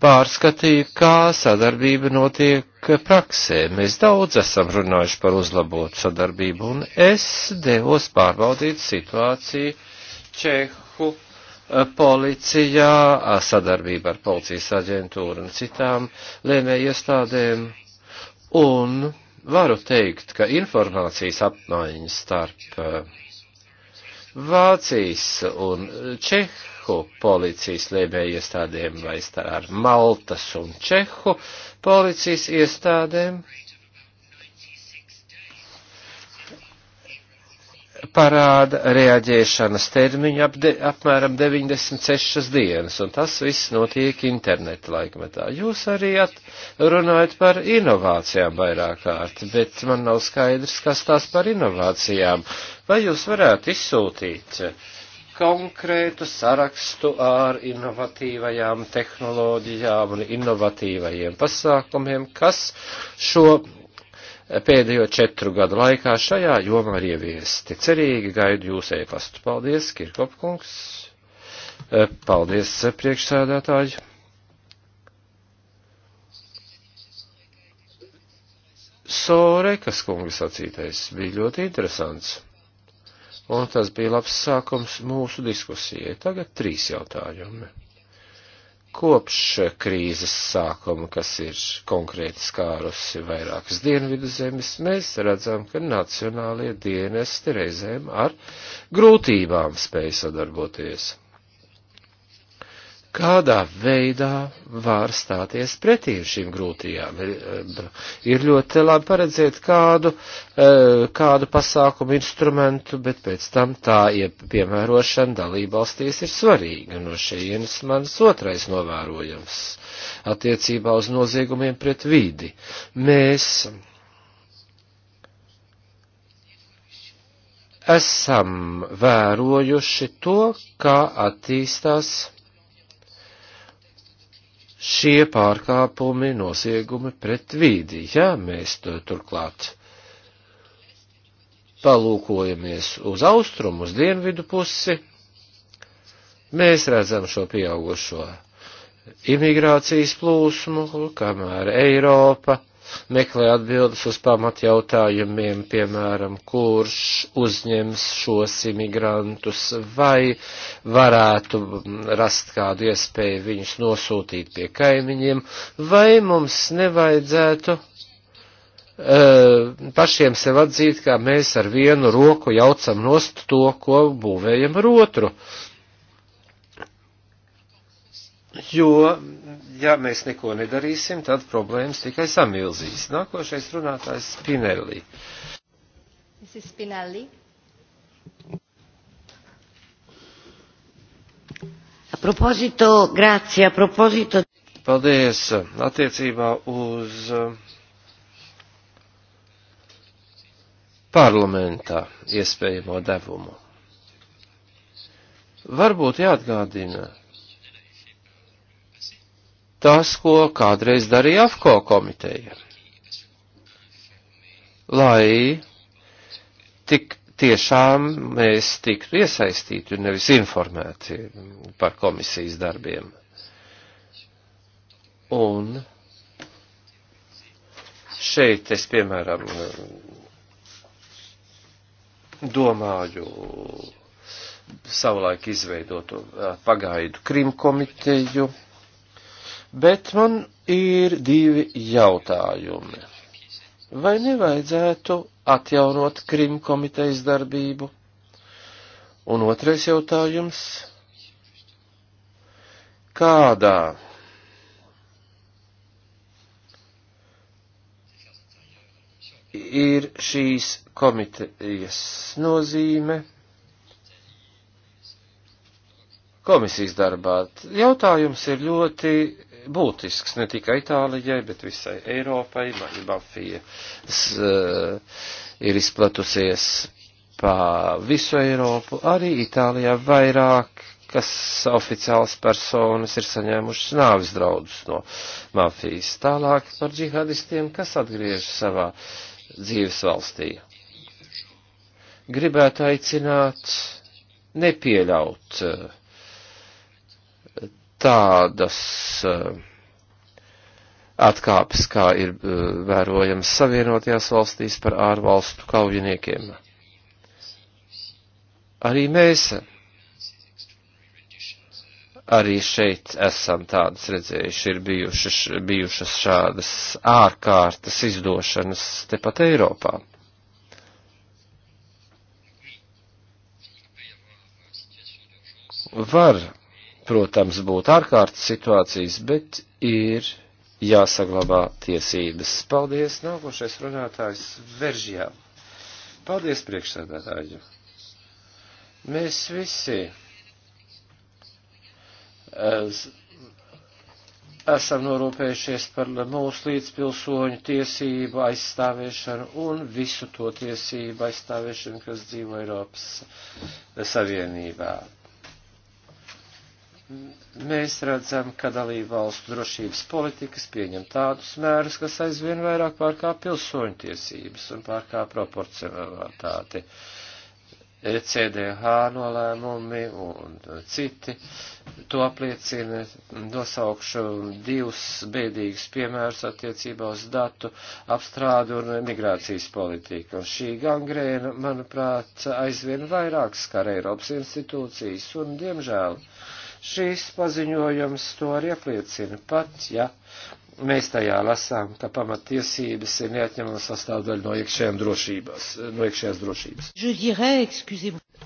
pārskatīju, kā sadarbība notiek praksē. Mēs daudz esam runājuši par uzlabotu sadarbību, un es devos pārbaudīt situāciju Čehu eh, policijā, sadarbība ar policijas aģentūru un citām lēmēju iestādēm, un varu teikt, ka informācijas apmaiņas starp eh, Vācijas un Čehu Čehu policijas lēbēja iestādēm vai ar Maltas un Čehu policijas iestādēm parāda reaģēšanas termiņu ap de, apmēram 96 dienas, un tas viss notiek interneta laikmetā. Jūs arī at, runājat par inovācijām vairāk kārt, bet man nav skaidrs, kas tās par inovācijām. Vai jūs varētu izsūtīt uh, konkrētu sarakstu ar inovatīvajām tehnoloģijām un inovatīvajiem pasākumiem, kas šo pēdējo četru gadu laikā šajā jomā ir ieviesti. Cerīgi gaidu jūs e-pastu. Paldies, Kirkopkungs. Eh, paldies, eh, priekšsēdētāji. Sorekas kungas sacītais bija ļoti interesants. Un tas bija labs sākums mūsu diskusijai. Tagad trīs jautājumi. Kopš krīzes sākuma, kas ir konkrēti skārusi vairākas dienvidu zemes, mēs redzam, ka nacionālie dienesti reizēm ar grūtībām spēj sadarboties kādā veidā var stāties pretī šīm grūtībām. Ir eh, ļoti labi paredzēt kādu, eh, kādu pasākumu instrumentu, bet pēc tam tā piemērošana dalībvalstīs ir svarīga. No šejienes mans otrais novērojums attiecībā uz noziegumiem pret vidi. Mēs esam vērojuši to, kā attīstās šie pārkāpumi, nosiegumi pret vīdi. Ja mēs to, turklāt palūkojamies uz austrumu, uz dienvidu pusi, mēs redzam šo pieaugušo imigrācijas plūsmu, kamēr Eiropa meklē atbildes uz pamatjautājumiem, piemēram, kurš uzņems šos imigrantus, vai varētu rast kādu iespēju viņus nosūtīt pie kaimiņiem, vai mums nevajadzētu eh, pašiem sev atzīt, ka mēs ar vienu roku jaucam nost to, ko būvējam ar otru. Jo ja mēs neko nedarīsim, tad problēmas tikai samilzīs. Nākošais runātājs Spinelli. Mrs. Spinelli. A proposito, grazie, a proposito. Paldies. Attiecībā uz uh, parlamentā iespējamo devumu. Varbūt jāatgādina tas, ko kādreiz darīja AFCO komiteja. Lai tik tiešām mēs tiktu iesaistīti un nevis informēti par komisijas darbiem. Un šeit es, piemēram, domāju savulaik izveidotu pagaidu Krim komiteju, Bet man ir divi jautājumi. Vai nevajadzētu atjaunot Krim komitejas darbību? Un otrais jautājums. Kādā ir šīs komitejas nozīme komisijas darbā. Jautājums ir ļoti būtisks ne tikai Itālijai, bet visai Eiropai. Mafija eh, ir izplatusies pa visu Eiropu, arī Itālijā vairāk kas oficiāls personas ir saņēmušas nāvis draudus no mafijas. Tālāk par džihadistiem, kas atgriež savā dzīves valstī. Gribētu aicināt nepieļaut uh, tādas eh, atkāpes, kā ir eh, vērojams Savienotajās valstīs par ārvalstu kaujiniekiem. Arī mēs arī šeit esam tādas redzējuši, ir bijušas, bijušas šādas ārkārtas izdošanas tepat Eiropā. Var protams, būtu ārkārtas situācijas, bet ir jāsaglabā tiesības. Paldies, nākošais runātājs Veržjā. Paldies, priekšsēdētāji. Mēs visi eh, esam norūpējušies par mūsu līdzpilsoņu tiesību aizstāvēšanu un visu to tiesību aizstāvēšanu, kas dzīvo Eiropas Savienībā mēs redzam, ka dalību valstu drošības politikas pieņem tādus mērus, kas aizvien vairāk pārkāp pilsoņu tiesības un pārkāp proporcionalitāti. E CDH nolēmumi un citi to apliecina. Nosaukšu divus bēdīgus piemērus attiecībā uz datu apstrādu un migrācijas politiku. Un šī gangrēna, manuprāt, aizvien vairāk skar Eiropas institūcijas un, diemžēl, uh, Šīs paziņojums to arī apliecina pat, ja mēs tajā lasām, ka pamatiesības ir neatņemama sastāvdaļa no iekšējām drošības, no iekšējās drošības. Dirais,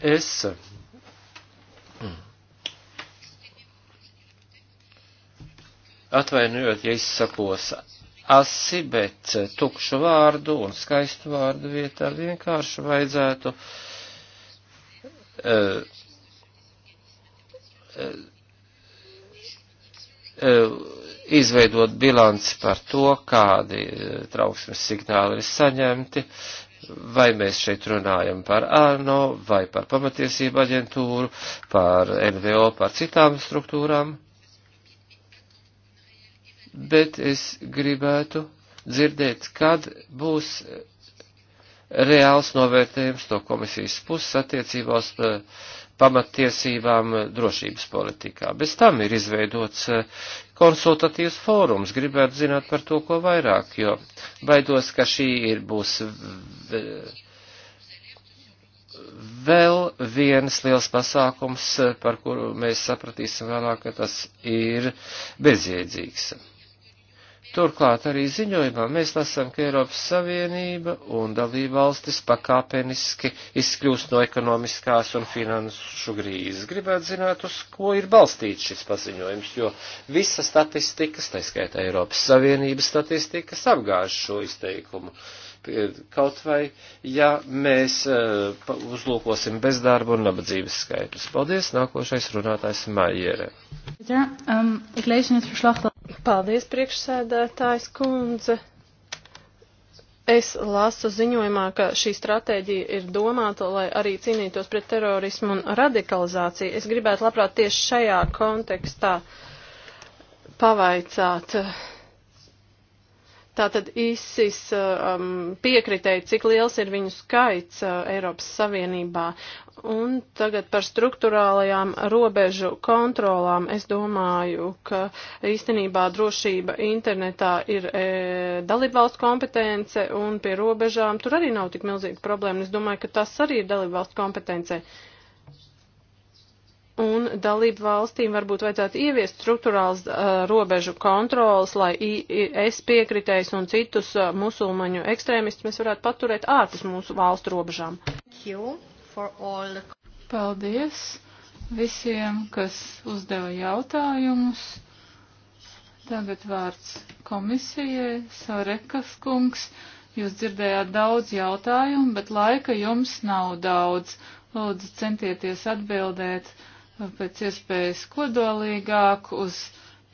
es. Mm, atvainojot, ja izsakos asi, bet tukšu vārdu un skaistu vārdu vietā vienkārši vajadzētu uh, Eh, eh, izveidot bilanci par to, kādi eh, trauksmes signāli ir saņemti, vai mēs šeit runājam par ANO, vai par pamatiesību aģentūru, par NVO, par citām struktūrām. Bet es gribētu dzirdēt, kad būs reāls novērtējums no komisijas puses attiecībā uz pamattiesībām drošības politikā. Bez tam ir izveidots eh, konsultatīvs fórums, gribētu zināt par to, ko vairāk, jo baidos, ka šī ir būs vēl viens liels pasākums, eh, par kuru mēs sapratīsim vēlāk, ka tas ir bezjēdzīgs. Turklāt arī ziņojumā mēs lasām, ka Eiropas Savienība un dalībvalstis pakāpeniski izkļūst no ekonomiskās un finanšu grīzes. Gribētu zināt, uz ko ir balstīts šis paziņojums, jo visa statistikas, tā skaitā Eiropas Savienības statistikas, apgāž šo izteikumu. Kaut vai, ja mēs uh, uzlūkosim bezdarbu un nabadzības skaitļus. Paldies, nākošais runātājs Maiere. Ja, um, Paldies, priekšsēdētājs kundze. Es lasu ziņojumā, ka šī stratēģija ir domāta, lai arī cīnītos pret terorismu un radikalizāciju. Es gribētu labprāt tieši šajā kontekstā pavaicāt, Tātad ISIS uh, um, piekritēja, cik liels ir viņu skaits uh, Eiropas Savienībā. Un tagad par struktūrālajām robežu kontrolām. Es domāju, ka īstenībā drošība internetā ir e, dalībvalsts kompetence un pie robežām tur arī nav tik milzīga problēma. Es domāju, ka tas arī ir dalībvalsts kompetence. Uh, Un dalību valstīm varbūt vajadzētu ieviest struktūrāls uh, robežu kontrols, lai IS piekritējs un citus uh, musulmaņu ekstrēmistus mēs varētu paturēt ārpus mūsu valstu robežām. All... Paldies visiem, kas uzdeva jautājumus. Tagad vārds komisijai, Sorekas kungs. Jūs dzirdējāt daudz jautājumu, bet laika jums nav daudz. Lūdzu, centieties atbildēt pēc iespējas kodolīgāk uz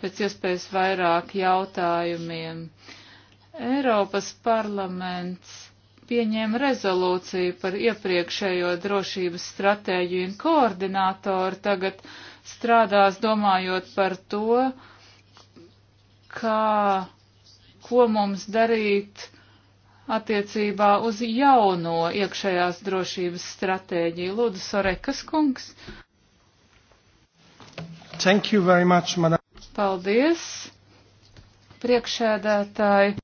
pēc iespējas vairāk jautājumiem. Eiropas parlaments pieņēma rezolūciju par iepriekšējo drošības stratēģiju un koordinātoru tagad strādās domājot par to, kā, ko mums darīt attiecībā uz jauno iekšējās drošības stratēģiju. Lūdzu, Sorekas kungs. Uh, Thank you very much, madam. Paldies, priekšēdētāji.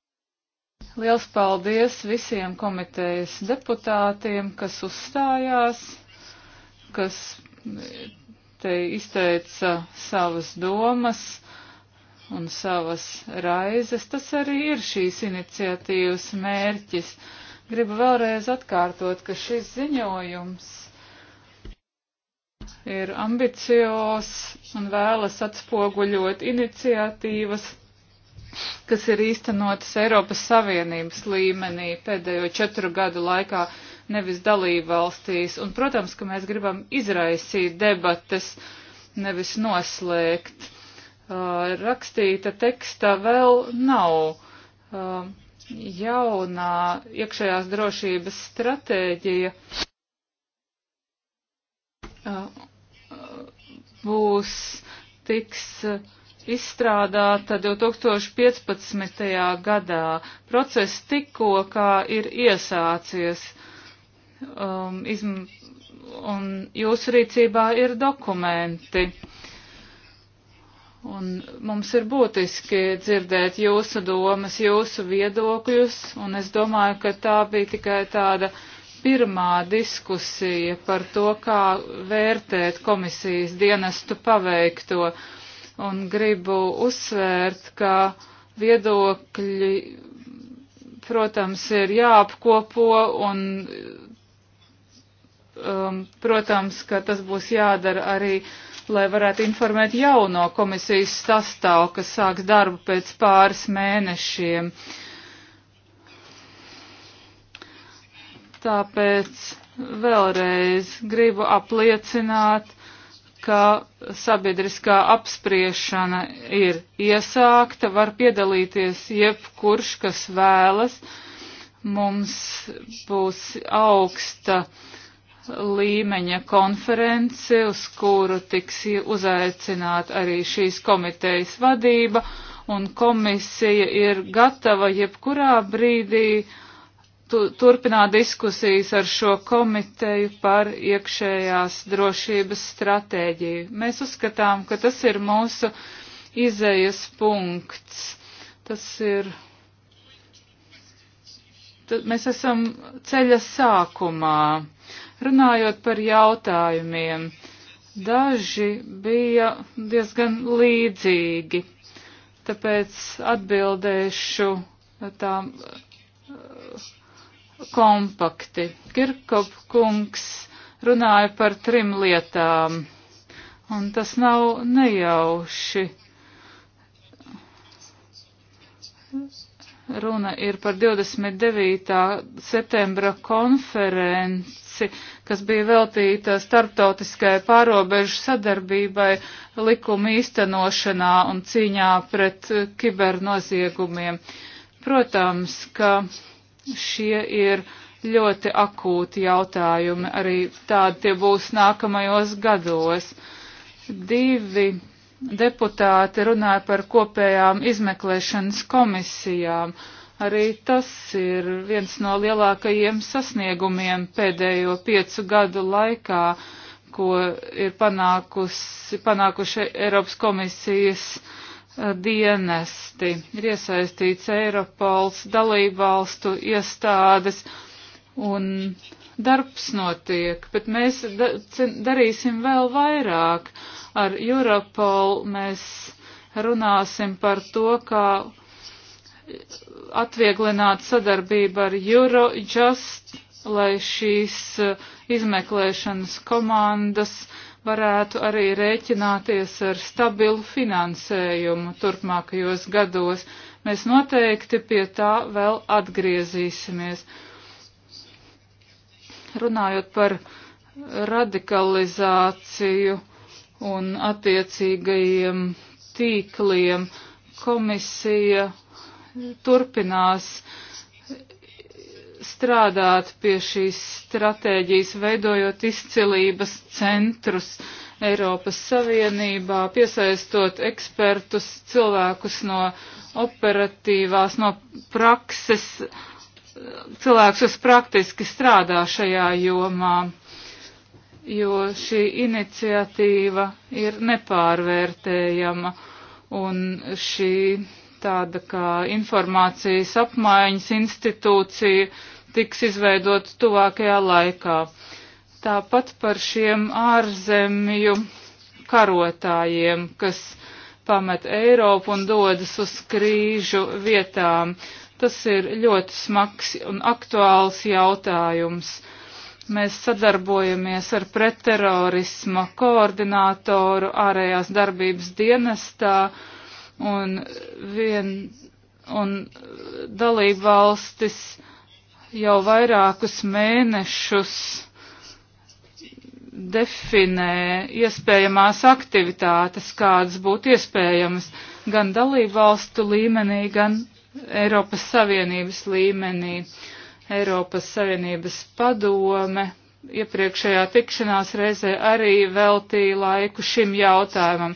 Liels paldies visiem komitejas deputātiem, kas uzstājās, kas te izteica savas domas un savas raizes. Tas arī ir šīs iniciatīvas mērķis. Gribu vēlreiz atkārtot, ka šis ziņojums ir ambiciozs un vēlas atspoguļot iniciatīvas, kas ir īstenotas Eiropas Savienības līmenī pēdējo četru gadu laikā, nevis dalību valstīs. Un, protams, ka mēs gribam izraisīt debates, nevis noslēgt. Uh, rakstīta teksta vēl nav. Uh, jaunā iekšējās drošības stratēģija uh, būs, tiks eh, izstrādāta 2015. gadā. Process tikko kā ir iesācies. Um, izm, un jūsu rīcībā ir dokumenti. Un mums ir būtiski dzirdēt jūsu domas, jūsu viedokļus, un es domāju, ka tā bija tikai tāda uh, pirmā diskusija par to, kā vērtēt komisijas dienestu paveikto. Un gribu uzsvērt, ka viedokļi, protams, ir jāapkopo un, um, protams, ka tas būs jādara arī, lai varētu informēt jauno komisijas sastāvu, kas sāks darbu pēc pāris mēnešiem. Uh, Tāpēc vēlreiz gribu apliecināt, ka sabiedriskā apspriešana ir iesākta, var piedalīties jebkurš, kas vēlas. Mums būs augsta līmeņa konference, uz kuru tiks uzaicināt arī šīs komitejas vadība, un komisija ir gatava jebkurā brīdī uh, tu, turpināt diskusijas ar šo komiteju par iekšējās drošības stratēģiju. Mēs uzskatām, ka tas ir mūsu izējas punkts. Tas ir. Tad mēs esam ceļa sākumā. Runājot par jautājumiem, daži bija diezgan līdzīgi, tāpēc atbildēšu tām kompakti. Kirkop kungs runāja par trim lietām, un tas nav nejauši. Runa ir par 29. septembra konferenci, kas bija veltīta starptautiskai pārobežu sadarbībai likuma īstenošanā un cīņā pret kibernoziegumiem. Protams, ka Šie ir ļoti akūti jautājumi, arī tādi tie būs nākamajos gados. Divi deputāti runāja par kopējām izmeklēšanas komisijām. Arī tas ir viens no lielākajiem sasniegumiem pēdējo piecu gadu laikā, ko ir panākusi, panākuši Eiropas komisijas uh, dienesti. Ir iesaistīts Eiropols, dalībvalstu iestādes un darbs notiek, bet mēs da darīsim vēl vairāk. Ar Europolu mēs runāsim par to, kā atvieglināt sadarbību ar Eurojust, lai šīs uh, izmeklēšanas komandas uh, varētu arī rēķināties ar stabilu finansējumu turpmākajos gados. Mēs noteikti pie tā vēl atgriezīsimies. Runājot par radikalizāciju un attiecīgajiem tīkliem, komisija turpinās uh, strādāt pie šīs stratēģijas, veidojot izcilības centrus Eiropas Savienībā, piesaistot ekspertus, cilvēkus no operatīvās, no prakses, cilvēkus, kas praktiski strādā šajā jomā, jo šī iniciatīva ir nepārvērtējama un šī tāda kā informācijas apmaiņas institūcija tiks izveidots tuvākajā laikā. Tāpat par šiem ārzemju karotājiem, kas pamet Eiropu un dodas uz krīžu vietām. Tas ir ļoti smags un aktuāls jautājums. Mēs sadarbojamies ar pretterorisma koordinātoru ārējās darbības dienestā un, vien, un dalībvalstis valstis jau vairākus mēnešus definē iespējamās aktivitātes, kādas būtu iespējamas gan dalībvalstu līmenī, gan Eiropas Savienības līmenī. Eiropas Savienības padome iepriekšējā tikšanās reizē arī veltīja laiku šim jautājumam.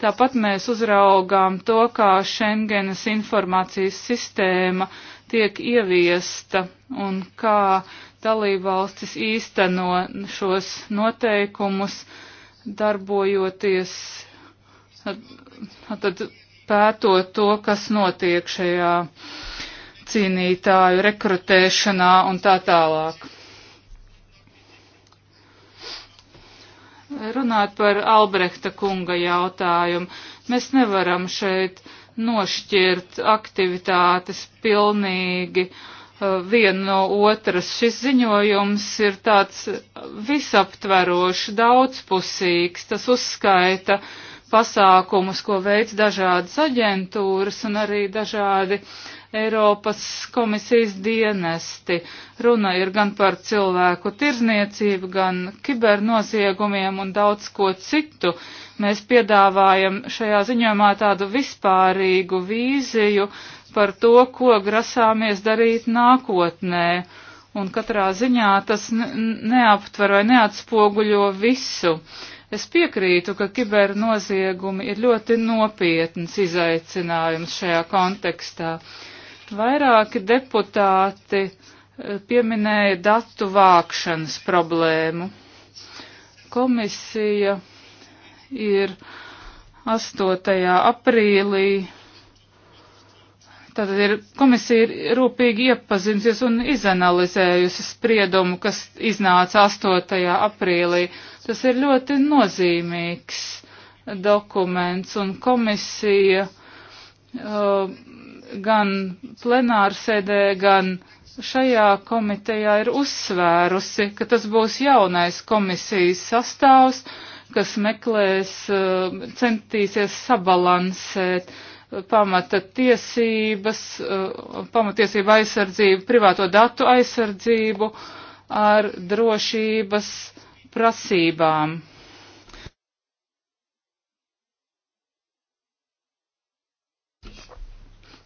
Tāpat mēs uzraugām to, kā Schengenas informācijas sistēma uh, tiek ieviesta un kā dalībvalstis īsteno šos noteikumus, darbojoties, tad pētot to, kas notiek šajā cīnītāju rekrutēšanā un tā tālāk. Runāt par Albrehta kunga jautājumu. Mēs nevaram šeit uh, nošķirt aktivitātes pilnīgi uh, vienu no otras. Šis ziņojums ir tāds visaptverošs, daudzpusīgs, tas uzskaita pasākumus, ko veids dažādas aģentūras un arī dažādi Eiropas komisijas dienesti. Runa ir gan par cilvēku tirzniecību, gan kibernoziegumiem un daudz ko citu. Mēs piedāvājam šajā ziņojumā tādu vispārīgu vīziju par to, ko grasāmies darīt nākotnē. Un katrā ziņā tas neaptver vai neatspoguļo visu. Es piekrītu, ka kibernoziegumi ir ļoti nopietns izaicinājums šajā kontekstā. Uh, Vairāki deputāti eh, pieminēja datu vākšanas problēmu. Komisija ir 8. aprīlī. Tātad ir, komisija ir rūpīgi iepazinusies un izanalizējusi spriedumu, kas iznāca 8. aprīlī. Tas ir ļoti nozīmīgs dokuments un komisija. Uh, gan plenārsēdē, gan šajā komitejā ir uzsvērusi, ka tas būs jaunais komisijas sastāvs, kas meklēs, eh, centīsies sabalansēt eh, pamata tiesības, eh, pamatiesība aizsardzību, privāto datu aizsardzību ar drošības prasībām.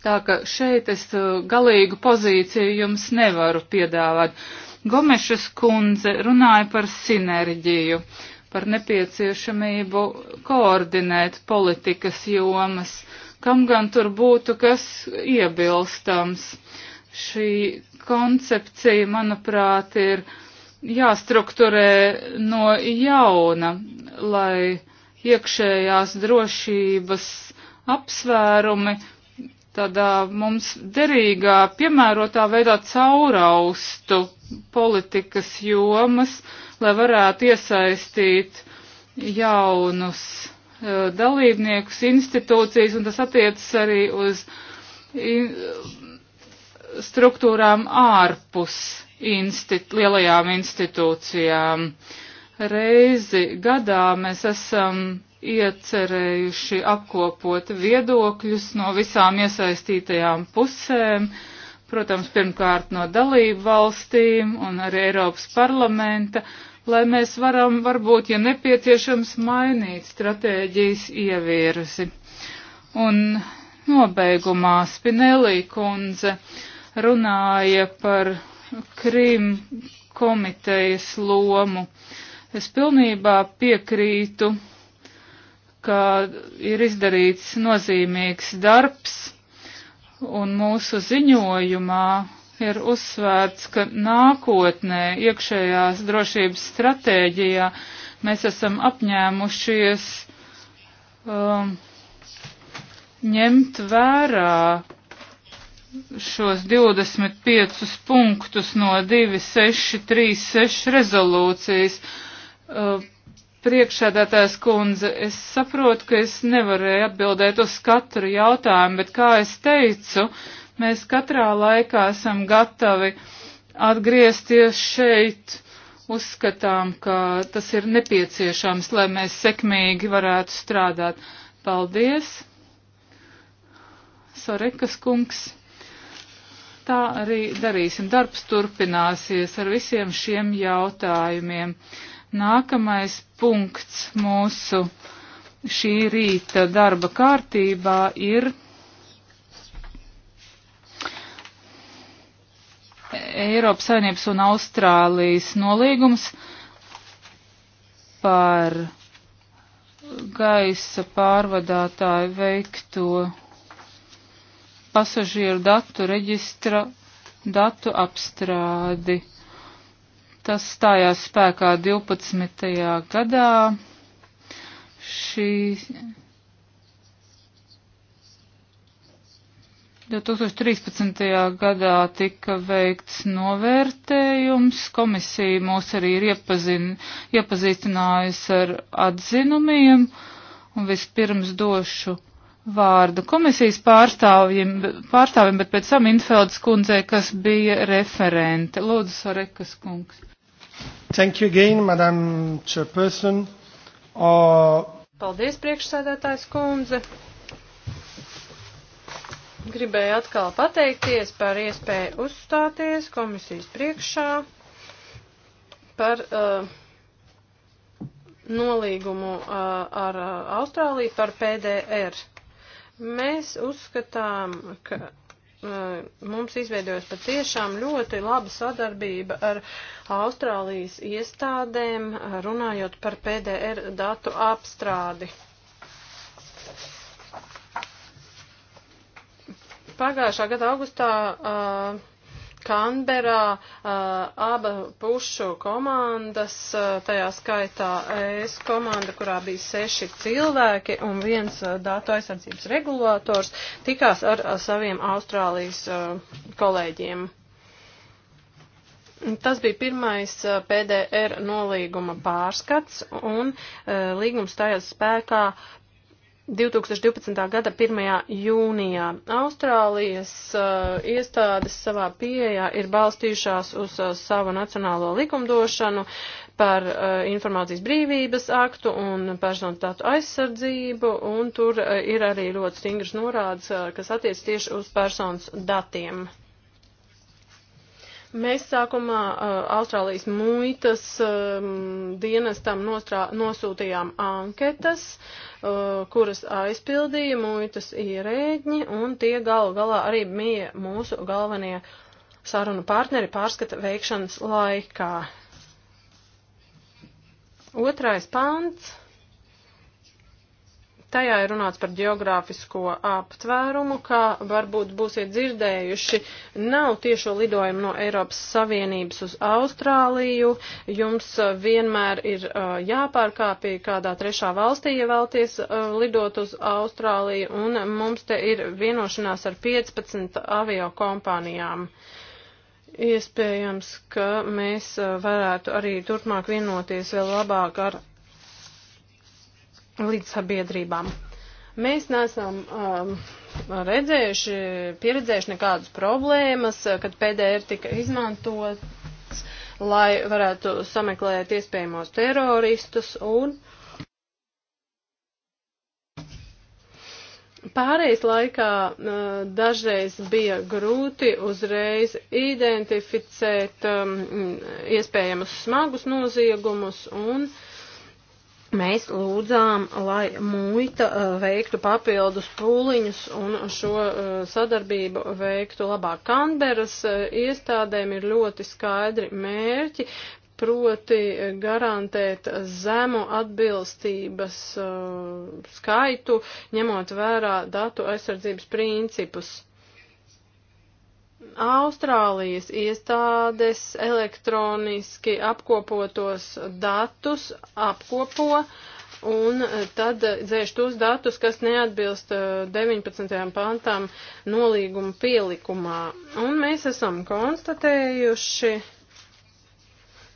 Tā ka šeit es uh, galīgu pozīciju jums nevaru piedāvāt. Gomešas kundze runāja par sinerģiju, par nepieciešamību koordinēt politikas jomas, kam gan tur būtu kas iebilstams. Šī koncepcija, manuprāt, ir jāstrukturē no jauna, lai iekšējās drošības apsvērumi tādā mums derīgā, piemērotā veidā cauraustu politikas jomas, lai varētu iesaistīt jaunus uh, dalībniekus, institūcijas, un tas attiecas arī uz in, struktūrām ārpus instit, lielajām institūcijām. Reizi gadā mēs esam iecerējuši apkopot viedokļus no visām iesaistītajām pusēm, protams, pirmkārt no dalību valstīm un arī Eiropas parlamenta, lai mēs varam, varbūt, ja nepieciešams, mainīt stratēģijas ievirzi. Un nobeigumā Spinelī kundze runāja par Krim komitejas lomu. Es pilnībā piekrītu ka ir izdarīts nozīmīgs darbs, un mūsu ziņojumā ir uzsvērts, ka nākotnē iekšējās drošības stratēģijā mēs esam apņēmušies um, ņemt vērā šos 25 punktus no 2636 rezolūcijas. Uh, um, Priekšsēdētājs kundze, es saprotu, ka es nevarēju atbildēt uz katru jautājumu, bet kā es teicu, mēs katrā laikā esam gatavi atgriezties šeit. Uzskatām, ka tas ir nepieciešams, lai mēs sekmīgi varētu strādāt. Paldies! Sorekas kungs. Tā arī darīsim. Darbs turpināsies ar visiem šiem jautājumiem. Nākamais punkts mūsu šī rīta darba kārtībā ir Eiropas Savienības un Austrālijas nolīgums par gaisa pārvadātāju veikto pasažieru datu reģistra datu apstrādi. Tas stājās spēkā 12. gadā. Šī 2013. gadā tika veikts novērtējums, komisija mūs arī ir iepazin, iepazīstinājusi ar atzinumiem, un vispirms došu vārdu komisijas pārstāvjiem, pārstāvjiem bet pēc tam Infeldes kundzē, kas bija referente. Lūdzu, Sorekas kungs. Thank you again, Madam Chairperson. Uh... Paldies, priekšsēdētājs kundze. Gribēju atkal pateikties par iespēju uzstāties komisijas priekšā par uh, nolīgumu uh, ar uh, Austrāliju par PDR. Mēs uzskatām, ka uh, mums izveidojas patiešām ļoti laba sadarbība ar Austrālijas iestādēm, uh, runājot par PDR datu apstrādi. Pagājušā gada augustā uh, Kanberā uh, aba pušu komandas, uh, tajā skaitā ES komanda, kurā bija seši cilvēki un viens uh, datu aizsardzības regulators, tikās ar, ar saviem Austrālijas uh, kolēģiem. Tas bija pirmais PDR nolīguma pārskats, un e, līgums stājās spēkā 2012. gada 1. jūnijā Austrālijas uh, iestādes savā pieejā ir balstījušās uz uh, savu nacionālo likumdošanu par uh, informācijas brīvības aktu un personu datu aizsardzību, un tur uh, ir arī ļoti stingras norādes, uh, kas attiec tieši uz personas datiem. Mēs sākumā uh, Austrālijas muitas um, dienestam nostrā, nosūtījām anketas. Uh, Uh, kuras aizpildīja muitas ierēģi, un tie galu galā arī bija mūsu galvenie sarunu partneri pārskata veikšanas laikā. Otrais pants. Tajā ir runāts par geogrāfisko aptvērumu, kā varbūt būsiet dzirdējuši, nav tiešo lidojumu no Eiropas Savienības uz Austrāliju, jums vienmēr ir uh, jāpārkāpī kādā trešā valstī, ja vēlties uh, lidot uz Austrāliju, un mums te ir vienošanās ar 15 avio kompānijām. Iespējams, ka mēs varētu arī turpmāk vienoties vēl labāk ar līdz sabiedrībām. Mēs neesam um, redzējuši, pieredzējuši nekādas problēmas, uh, kad PDR tika izmantots, lai varētu sameklēt iespējamos teroristus un Pārējais laikā uh, dažreiz bija grūti uzreiz identificēt um, iespējamus smagus noziegumus un uh, mēs lūdzām, lai muita eh, veiktu papildus pūliņus un šo eh, sadarbību veiktu labāk. Kanberas eh, iestādēm ir ļoti skaidri mērķi, proti garantēt zemu atbilstības skaitu, ņemot vērā datu aizsardzības principus. Austrālijas iestādes elektroniski apkopotos datus apkopo un tad dzēš tos datus, kas neatbilst 19. Eh, pantām nolīguma pielikumā. Un mēs esam konstatējuši,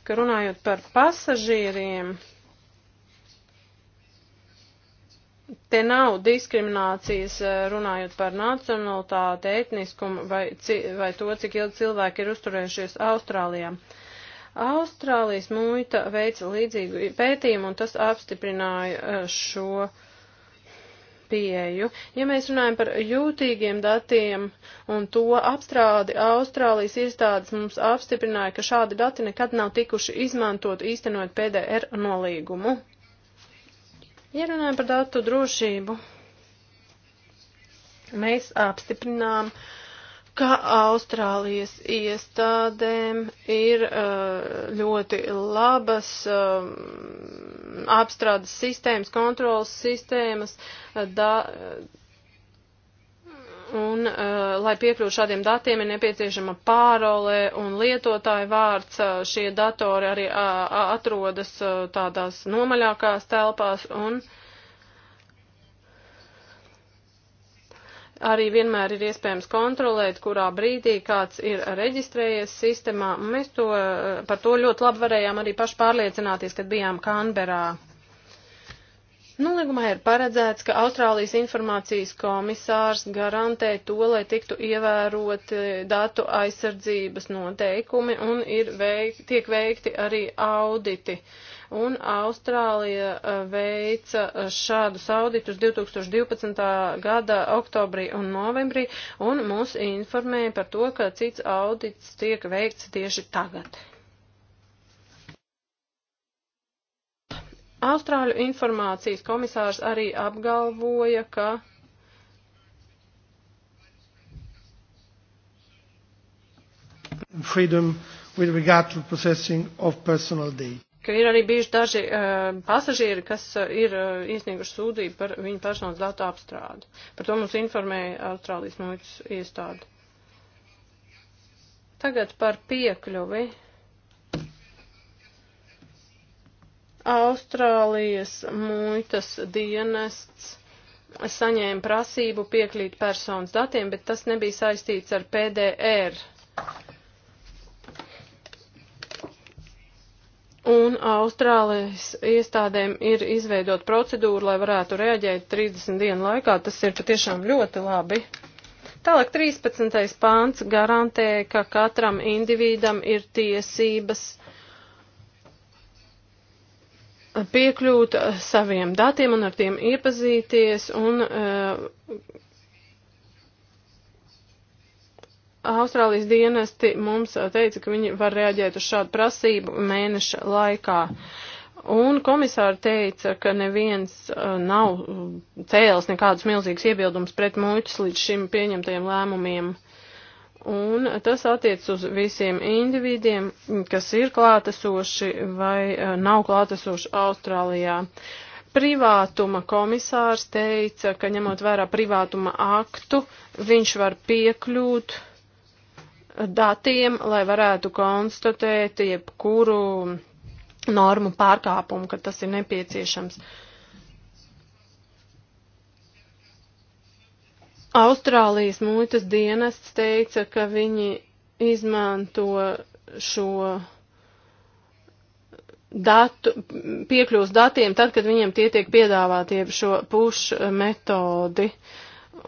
ka runājot par pasažieriem, Te nav diskriminācijas eh, runājot par nacionalitāti, etniskumu vai, vai to, cik ilgi cilvēki ir uzturējušies Austrālijā. Austrālijas muita veica līdzīgu pētījumu un tas apstiprināja eh, šo pieeju. Ja mēs runājam par jūtīgiem datiem un to apstrādi, Austrālijas iestādes mums apstiprināja, ka šādi dati nekad nav tikuši izmantot īstenot PDR nolīgumu. Ja runājam par datu drošību, mēs apstiprinām, ka Austrālijas iestādēm ir uh, ļoti labas um, apstrādes sistēmas, kontrolas sistēmas, uh, da, un, uh, lai piekļūtu šādiem datiem, ir nepieciešama pārolē un lietotāja vārds. Uh, šie datori arī uh, uh, atrodas uh, tādās nomaļākās telpās un arī vienmēr ir iespējams kontrolēt, kurā brīdī kāds ir reģistrējies sistemā. Mēs to, uh, par to ļoti labi varējām arī paši pārliecināties, kad bijām Kanberā. Ka Nolīgumā ir paredzēts, ka Austrālijas informācijas komisārs garantē to, lai tiktu ievērot datu aizsardzības noteikumi un ir veik, tiek veikti arī auditi. Un Austrālija uh, veica uh, šādus auditus 2012. gada oktobrī un novembrī un mūs informēja par to, ka cits audits tiek veikts tieši tagad. Austrāļu informācijas komisārs arī apgalvoja, ka freedom with regard to processing of personal data. Ka ir arī bijuši daži uh, pasažieri, kas uh, ir uh, iesnieguši sūdību par viņu personas datu apstrādi. Par to mums informēja Austrālijas muitas iestāde. Tagad par piekļuvi Austrālijas muitas dienests saņēma prasību piekļūt personas datiem, bet tas nebija saistīts ar PDR. Un Austrālijas iestādēm ir izveidot procedūru, lai varētu reaģēt 30 dienu laikā. Tas ir patiešām ļoti labi. Tālāk 13. pāns garantē, ka katram individam ir tiesības uh, piekļūt saviem datiem un ar tiem iepazīties un uh, Austrālijas dienesti mums teica, ka viņi var reaģēt uz šādu prasību mēneša laikā. Un komisāri teica, ka neviens eh, nav cēlis nekādus milzīgus iebildumus pret muitas līdz šim pieņemtajiem lēmumiem. Uh, Un tas attiec uz visiem individiem, kas ir klātesoši vai eh, nav klātesoši Austrālijā. Privātuma komisārs teica, ka ņemot vērā privātuma aktu, viņš var piekļūt datiem, lai varētu konstatēt jebkuru normu pārkāpumu, kad tas ir nepieciešams. Uh, Austrālijas muitas dienests teica, ka viņi izmanto šo datu, piekļūst datiem tad, kad viņiem tie tiek piedāvāti jeb šo push metodi.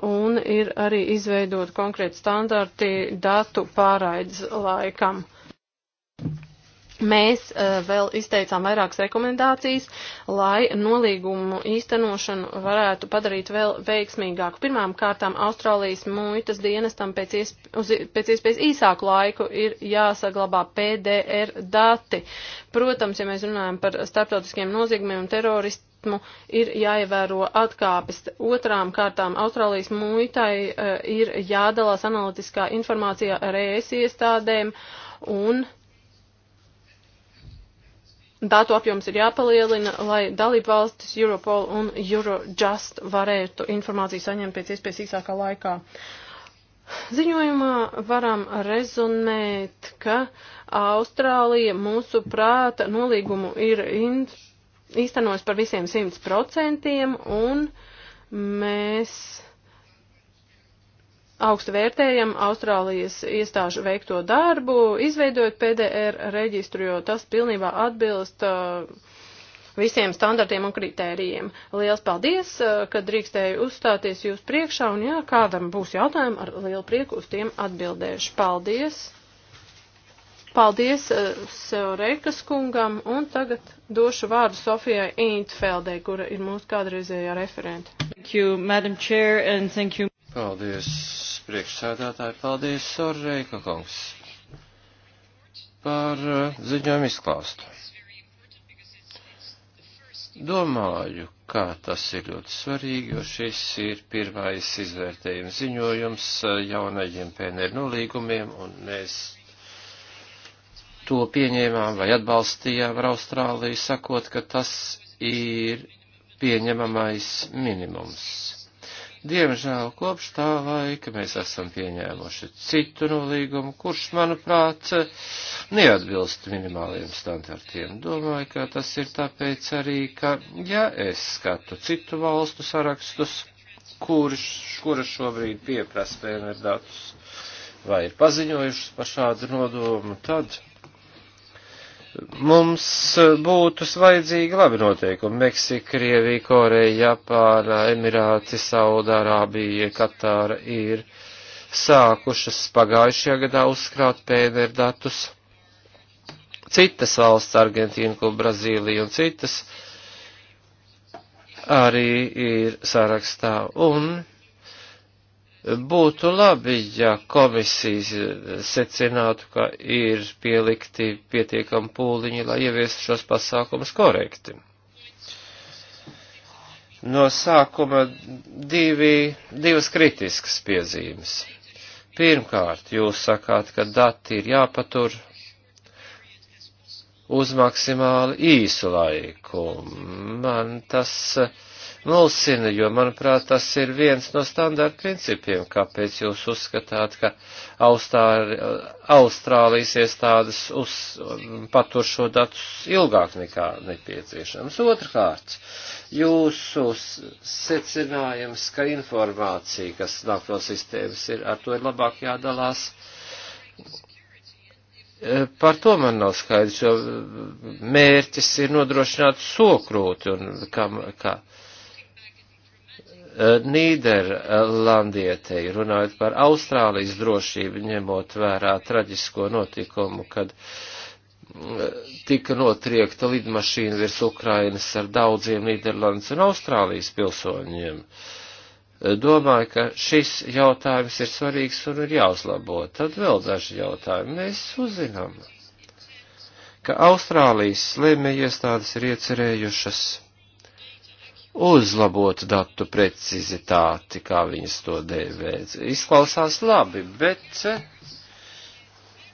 Un ir arī izveidot konkrēti standarti datu pārraides laikam. Mēs uh, vēl izteicām vairākas rekomendācijas, lai nolīgumu īstenošanu varētu padarīt vēl veiksmīgāku. Pirmām kārtām Austrālijas muitas dienestam pēc, iesp uz, pēc iespējas īsāku laiku ir jāsaglabā PDR dati. Protams, ja mēs runājam par starptautiskiem noziegumiem un teroristiem, ritmu ir jāievēro atkāpes. Otrām kārtām Austrālijas muitai uh, ir jādalās analītiskā informācijā ar ES iestādēm un uh, datu apjoms ir jāpalielina, lai dalību valstis Europol un Eurojust varētu informāciju saņemt pēc iespējas īsākā laikā. Ziņojumā varam rezumēt, ka Austrālija mūsu prāta nolīgumu ir īstenos par visiem 100% un mēs augstu vērtējam Austrālijas iestāžu veikto darbu, izveidojot PDR reģistru, jo tas pilnībā atbilst uh, visiem standartiem un kritērijiem. Liels paldies, uh, ka drīkstēju uzstāties jūs priekšā, un jā, kādam būs jautājumi, ar lielu prieku uz tiem atbildēšu. Paldies! Paldies uh, sev Reikas kungam, un tagad došu vārdu Sofijai Intfeldē, kura ir mūsu kādreizējā referente. Thank you, Madam Chair, and thank you. Paldies, priekšsēdētāji. Paldies, Sorreika kungs, par eh, ziņām izklāstu. Domāju, kā tas ir ļoti svarīgi, jo šis ir pirmais izvērtējuma ziņojums eh, jaunajiem PNR nolīgumiem, un mēs to pieņēmām vai atbalstījām ar Austrāliju, sakot, ka tas ir pieņemamais minimums. Diemžēl kopš tā laika mēs esam pieņēmuši citu nolīgumu, kurš, manuprāt, neatbilst minimāliem standartiem. Domāju, ka tas ir tāpēc arī, ka, ja es skatu citu valstu sarakstus, kurš, kuras šobrīd pieprasa PNR datus vai ir paziņojušas par šādu nodomu, tad Mums eh, būtu svaidzīga labi noteikumi. Meksika, Krievija, Koreja, Japāna, Emirāti, Saudārābija, Katāra ir sākušas pagājušajā gadā uzkrāt PNR datus. Citas valsts, Argentīna, Kuba, Brazīlija un citas, arī ir sarakstā. Un Būtu labi, ja komisija secinātu, ka ir pielikti pietiekami pūliņi, lai ieviestu šos pasākumus korekti. No sākuma divi, divas kritiskas piezīmes. Pirmkārt, jūs sakāt, ka dati ir jāpatur uz maksimāli īsu laiku. Man tas uh, mulsina, jo, manuprāt, tas ir viens no standarta principiem, kāpēc jūs uzskatāt, ka Austāri, Austrālijas iestādes uz, patur šo datus ilgāk nekā nepieciešams. Otrkārt, jūsu secinājums, ka informācija, kas nāk no sistēmas, ir ar to ir labāk jādalās. Par to man nav skaidrs, jo mērķis ir nodrošināt sokrūti un kam, kā, kā Eh, Nīderlandietei, runājot par Austrālijas drošību, ņemot vērā traģisko notikumu, kad eh, tika notriekta lidmašīna virs Ukrainas ar daudziem Nīderlandes un Austrālijas pilsoņiem. Eh, domāju, ka šis jautājums ir svarīgs un ir jāuzlabo. Tad vēl daži jautājumi mēs uzzinām, ka Austrālijas slēmē iestādes ir iecerējušas uzlabot datu precizitāti, kā viņas to dēvē. Izklausās labi, bet eh,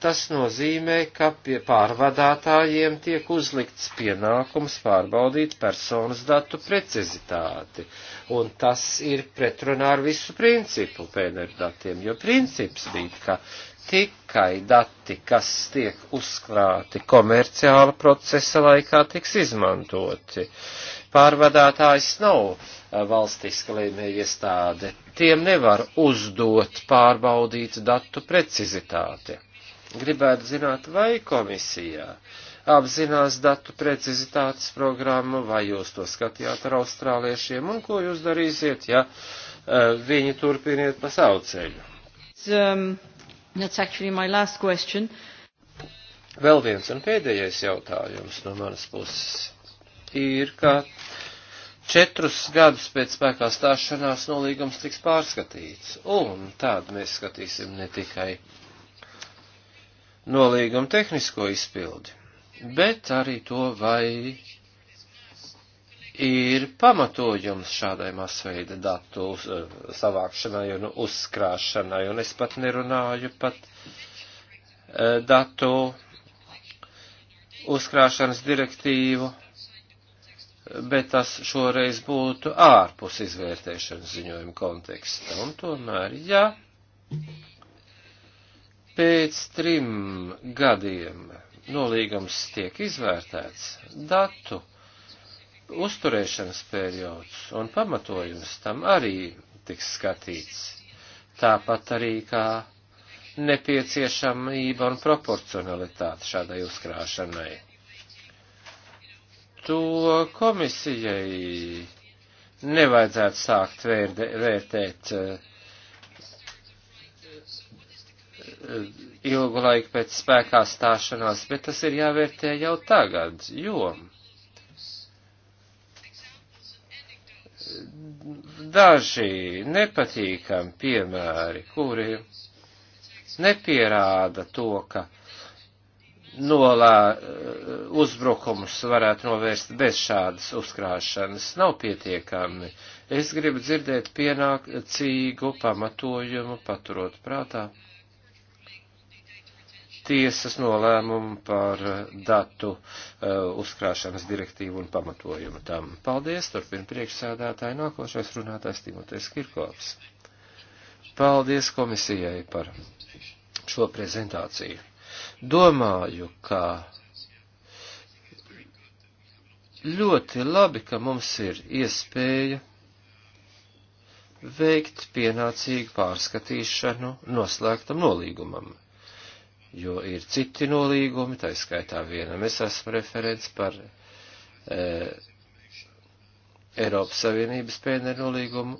tas nozīmē, ka pie pārvadātājiem tiek uzlikts pienākums pārbaudīt personas datu precizitāti, un tas ir pretrunā ar visu principu PNR datiem, jo princips bija, ka tikai dati, kas tiek uzkrāti komerciāla procesa laikā, tiks izmantoti. Uh, pārvadātājs nav valstiska līmeja iestāde. Tiem nevar uzdot pārbaudīt datu precizitāti. Gribētu zināt, vai komisijā apzinās datu precizitātes programmu, vai jūs to skatījāt ar austrāliešiem, un ko jūs darīsiet, ja uh, viņi turpiniet pa savu ceļu. Um, Vēl viens un pēdējais jautājums no manas puses ir, ka četrus gadus pēc spēkā stāšanās nolīgums tiks pārskatīts. Un tādu mēs skatīsim ne tikai nolīguma tehnisko izpildi, bet arī to, vai ir pamatojums šādai masveida datu eh, savākšanai un uzkrāšanai, un es pat nerunāju pat eh, datu uzkrāšanas direktīvu bet tas šoreiz būtu ārpus izvērtēšanas ziņojuma konteksta. Un tomēr, ja pēc trim gadiem nolīgums tiek izvērtēts, datu uzturēšanas periods un pamatojums tam arī tiks skatīts. Tāpat arī kā nepieciešamība un proporcionalitāte šādai uzkrāšanai to komisijai nevajadzētu sākt vērde, vērtēt eh, ilgu laiku pēc spēkā stāšanās, bet tas ir jāvērtē jau tagad, jo daži nepatīkami piemēri, kuri nepierāda to, ka nolā eh, uzbrukumus varētu novērst bez šādas uzkrāšanas. Nav pietiekami. Es gribu dzirdēt pienācīgu pamatojumu, paturot prātā tiesas nolēmumu par eh, datu uh, uzkrāšanas direktīvu un pamatojumu tam. Paldies, turpina priekšsēdētāji, nākošais runātājs Timotejs Kirkovs. Paldies komisijai par šo prezentāciju. Domāju, ka ļoti labi, ka mums ir iespēja veikt pienācīgu pārskatīšanu noslēgtam nolīgumam, jo ir citi nolīgumi, tā skaitā vienam es esmu referents par e, Eiropas Savienības PNR nolīgumu,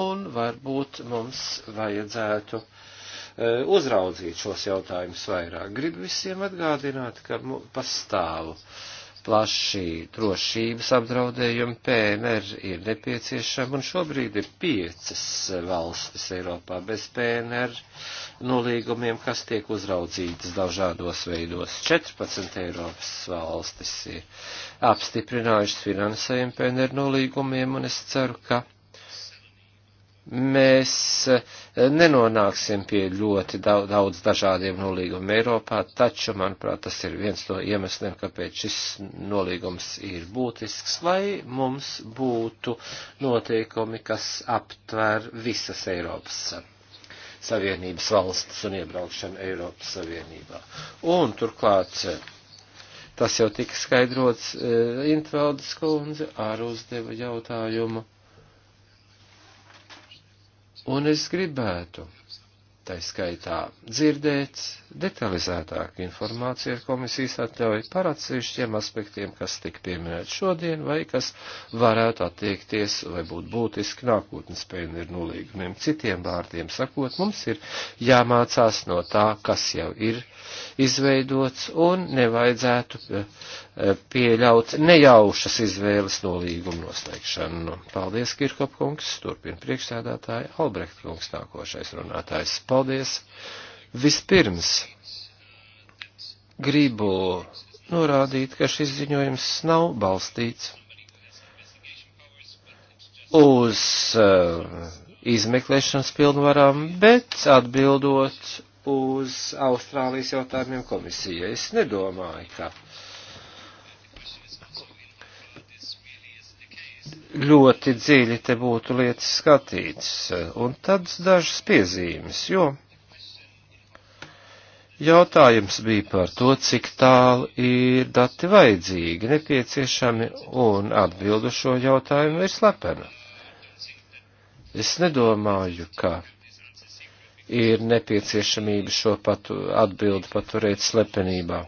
un varbūt mums vajadzētu e, E, uzraudzīt šos jautājumus vairāk. Gribu visiem atgādināt, ka pastāv plaši drošības apdraudējumi, PNR ir nepieciešama, un šobrīd ir piecas valstis Eiropā bez PNR nolīgumiem, kas tiek uzraudzītas dažādos veidos. 14 Eiropas valstis ir apstiprinājušas finansējumu PNR nolīgumiem, un es ceru, ka mēs eh, nenonāksim pie ļoti daudz, daudz dažādiem nolīgumiem Eiropā, taču, manuprāt, tas ir viens no iemesliem, kāpēc šis nolīgums ir būtisks, lai mums būtu noteikumi, kas aptver visas Eiropas Savienības valstis un iebraukšanu Eiropas Savienībā. Un turklāt, tas jau tika skaidrots, eh, Intvaldes kundze ar uzdevu jautājumu Un es gribētu, tai skaitā, dzirdēt detalizētāku informāciju ar komisijas atļauju par atsevišķiem aspektiem, kas tik pieminēt šodien vai kas varētu attiekties vai būt būtiski nākotnes pēļņu ir nulīgumiem. Citiem vārdiem sakot, mums ir jāmācās no tā, kas jau ir izveidots un nevajadzētu eh, eh, pieļaut nejaušas izvēles nolīgumu noslēgšanu. Paldies, Kirkopkungs, turpina priekšsēdētāji, Albrecht kungs nākošais runātājs. Paldies! Vispirms gribu norādīt, ka šis ziņojums nav balstīts uz uh, izmeklēšanas pilnvarām, bet atbildot uz Austrālijas jautājumiem komisija. Es nedomāju, ka ļoti dziļi te būtu lietas skatīts. Un tad dažas piezīmes, jo jautājums bija par to, cik tālu ir dati vajadzīgi, nepieciešami, un atbildu šo jautājumu ir slepena. Es nedomāju, ka ir nepieciešamība šo patu, atbildi paturēt slepenībā.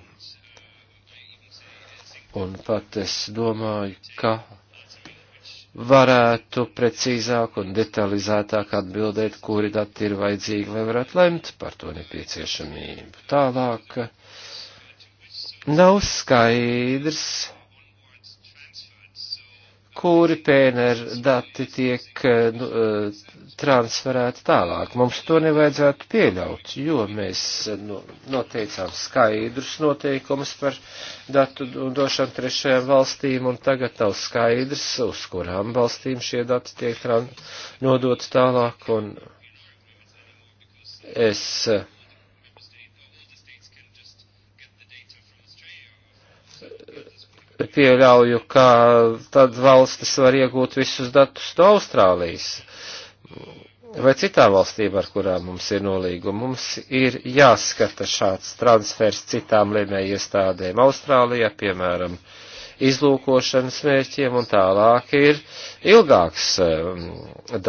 Un pat es domāju, ka varētu precīzāk un detalizētāk atbildēt, kuri dati ir vajadzīgi, lai varētu lemt par to nepieciešamību. Tālāk nav skaidrs kuri PNR dati tiek eh, nu, eh, transferēti tālāk. Mums to nevajadzētu pieļaut, jo mēs eh, nu, noteicām skaidrus noteikumus par datu došanu trešajām valstīm, un tagad nav skaidrs, uz kurām valstīm šie dati tiek nodot tālāk. Un es, uh, pieļauju, ka tad valstis var iegūt visus datus no Austrālijas vai citām valstīm, ar kurām mums ir nolīguma. Mums ir jāskata šāds transfers citām lēmēju iestādēm Austrālijā, piemēram, izlūkošanas mērķiem un tālāk ir ilgāks um,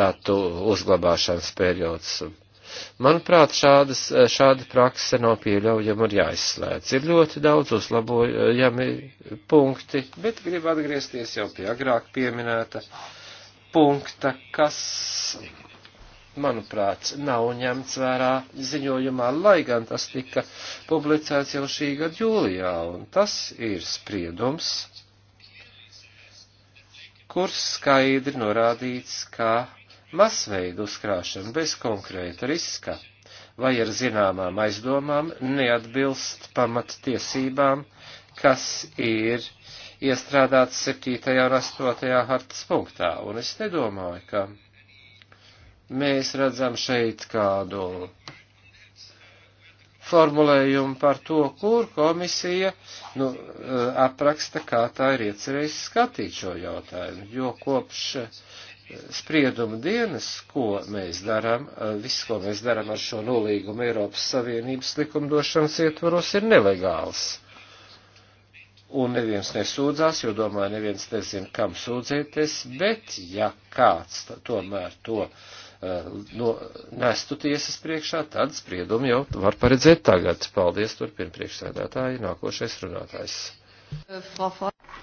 datu uzglabāšanas periods. Manuprāt, šādas, eh, šāda prakse nav pieļaujama un jāizslēdz. Ir ļoti daudz uzlabojami punkti, bet gribu atgriezties jau pie agrāk pieminēta punkta, kas, manuprāt, nav ņemts vērā ziņojumā, lai gan tas tika publicēts jau šī gada jūlijā, un tas ir spriedums, kur skaidri norādīts, ka Masveidu uzkrāšana bez konkrēta riska vai ar zināmām aizdomām neatbilst pamattiesībām, kas ir iestrādāts 7. un 8. hartas punktā. Un es nedomāju, ka mēs redzam šeit kādu formulējumu par to, kur komisija nu, apraksta, kā tā ir iecerējusi skatīt šo jautājumu, jo kopš sprieduma dienas, ko mēs darām, viss, ko mēs darām ar šo nolīgumu Eiropas Savienības likumdošanas ietvaros, ir nelegāls. Un neviens nesūdzās, jo domāju, neviens nezina, kam sūdzēties, bet ja kāds tomēr to no, nestu tiesas priekšā, tad spriedumu jau var paredzēt tagad. Paldies, turpina priekšsēdētāji, nākošais runātājs.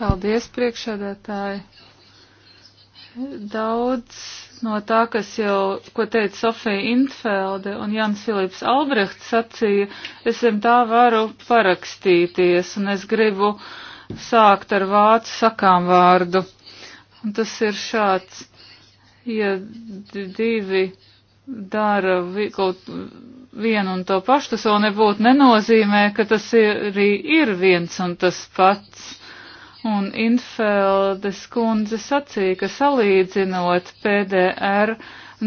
Paldies, priekšsēdētāji daudz no tā, kas jau, ko teica Sofija Intfelde un Jans Filips Albrechts sacīja, es zem tā varu parakstīties un es gribu sākt ar vācu sakām vārdu. Un tas ir šāds, ja divi dara kaut vienu un to pašu, tas vēl nebūtu nenozīmē, ka tas ir, arī ir viens un tas pats Un Infeldes kundze sacīja, ka salīdzinot PDR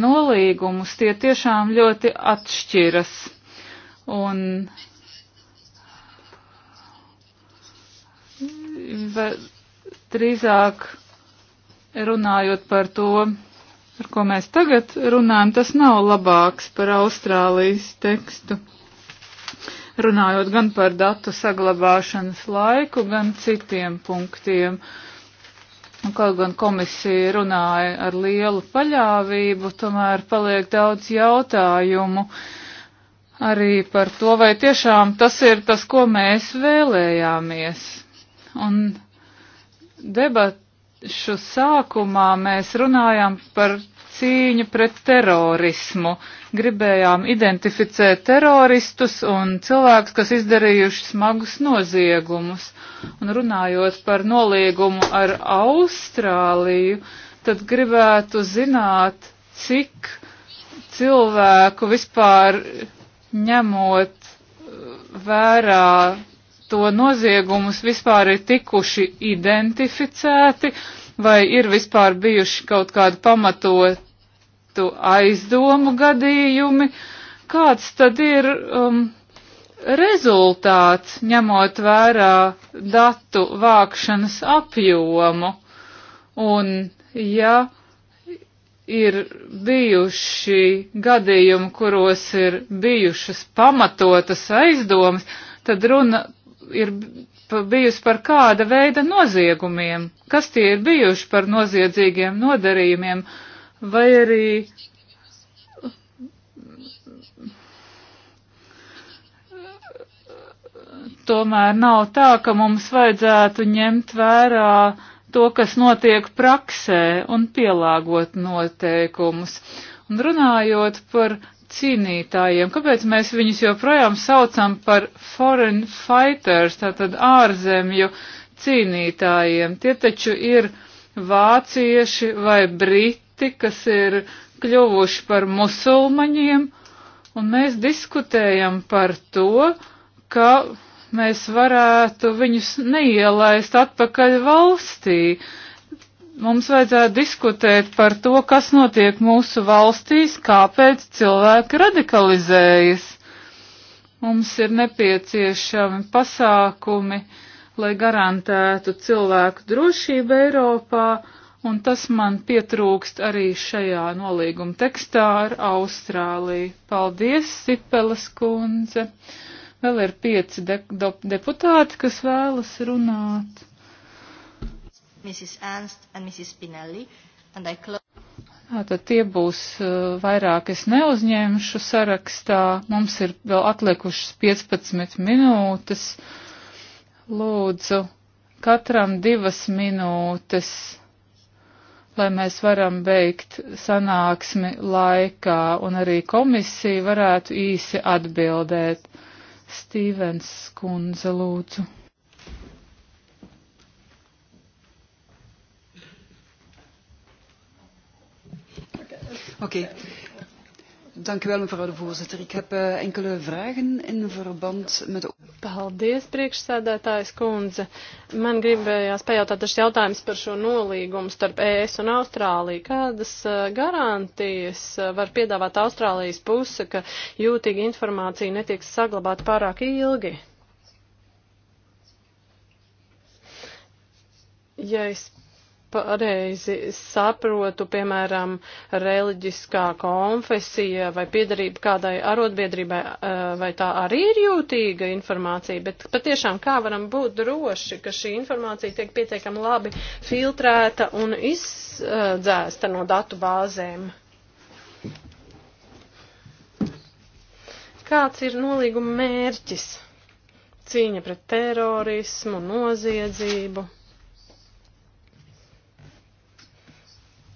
nolīgumus, tie tiešām ļoti atšķiras. Un drīzāk runājot par to, par ko mēs tagad runājam, tas nav labāks par Austrālijas tekstu runājot gan par datu saglabāšanas laiku, gan citiem punktiem. Un kaut gan komisija runāja ar lielu paļāvību, tomēr paliek daudz jautājumu arī par to, vai tiešām tas ir tas, ko mēs vēlējāmies. Un debat, debašu sākumā mēs runājām par cīņu pret terorismu. Gribējām identificēt teroristus un cilvēkus, kas izdarījuši smagus noziegumus. Un runājot par noliegumu ar Austrāliju, tad gribētu zināt, cik cilvēku vispār ņemot uh, vērā to noziegumus vispār ir tikuši identificēti, vai ir vispār bijuši kaut kādi pamatot rakstu aizdomu gadījumi, kāds tad ir um, rezultāts, ņemot vērā datu vākšanas apjomu. Un, ja ir bijuši gadījumi, kuros ir bijušas pamatotas aizdomas, tad runa ir bijusi par kāda veida noziegumiem, kas tie ir bijuši par noziedzīgiem nodarījumiem, uh, vai arī tomēr nav tā, ka mums vajadzētu ņemt vērā to, kas notiek praksē un pielāgot noteikumus. Un runājot par cīnītājiem, kāpēc mēs viņus joprojām saucam par foreign fighters, tātad ārzemju cīnītājiem? Tie taču ir vācieši vai briti citi, kas ir kļuvuši par musulmaņiem, un mēs diskutējam par to, ka mēs varētu viņus neielaist atpakaļ valstī. Mums vajadzētu diskutēt par to, kas notiek mūsu valstīs, kāpēc cilvēki radikalizējas. Mums ir nepieciešami pasākumi, lai garantētu cilvēku drošību Eiropā un tas man pietrūkst arī šajā nolīguma tekstā ar Austrāliju. Paldies, Sipelas kundze! Vēl ir pieci de deputāti, kas vēlas runāt. Mrs. Ernst and Mrs. Spinelli, and I close. Tātad tie būs eh, vairāk es neuzņemšu sarakstā. Mums ir vēl atlikušas 15 minūtes. Lūdzu, katram divas minūtes lai mēs varam beigt sanāksmi laikā un arī komisija varētu īsi atbildēt. Stīvens Kunze, lūdzu. Okay. Dank u wel, mevrouw de voorzitter. Ik heb uh, enkele vragen in verband met... Paldies, priekšsēdētājs kundze. Man gribējās pajautāt dažs jautājums par šo nolīgumu starp ES un Austrāliju. Kādas eh, garantijas eh, var piedāvāt Austrālijas puse, ka jūtīga informācija netiek saglabāta pārāk ilgi? Ja es pareizi saprotu, piemēram, reliģiskā konfesija vai piedarība kādai arotbiedrībai, eh, vai tā arī ir jūtīga informācija, bet patiešām kā varam būt droši, ka šī informācija tiek pietiekami labi filtrēta un izdzēsta no datu bāzēm? Kāds ir nolīguma mērķis? Cīņa pret terorismu, noziedzību.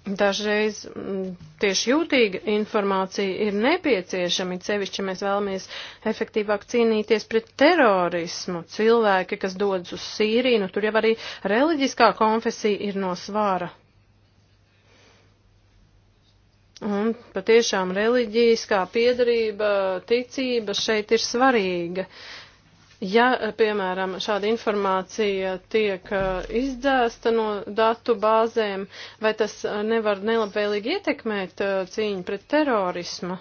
Dažreiz mm, tieši jūtīga informācija ir nepieciešama, sevišķi, ja mēs vēlamies efektīvāk cīnīties pret terorismu. Cilvēki, kas dodas uz Sīriju, nu tur jau arī reliģiskā konfesija ir no svāra. Un patiešām reliģijas kā piedarība, ticība šeit ir svarīga. Uh, Ja, eh, piemēram, šāda informācija tiek eh, izdzēsta no datu bāzēm, vai tas eh, nevar nelabvēlīgi ietekmēt cīņu pret terorismu?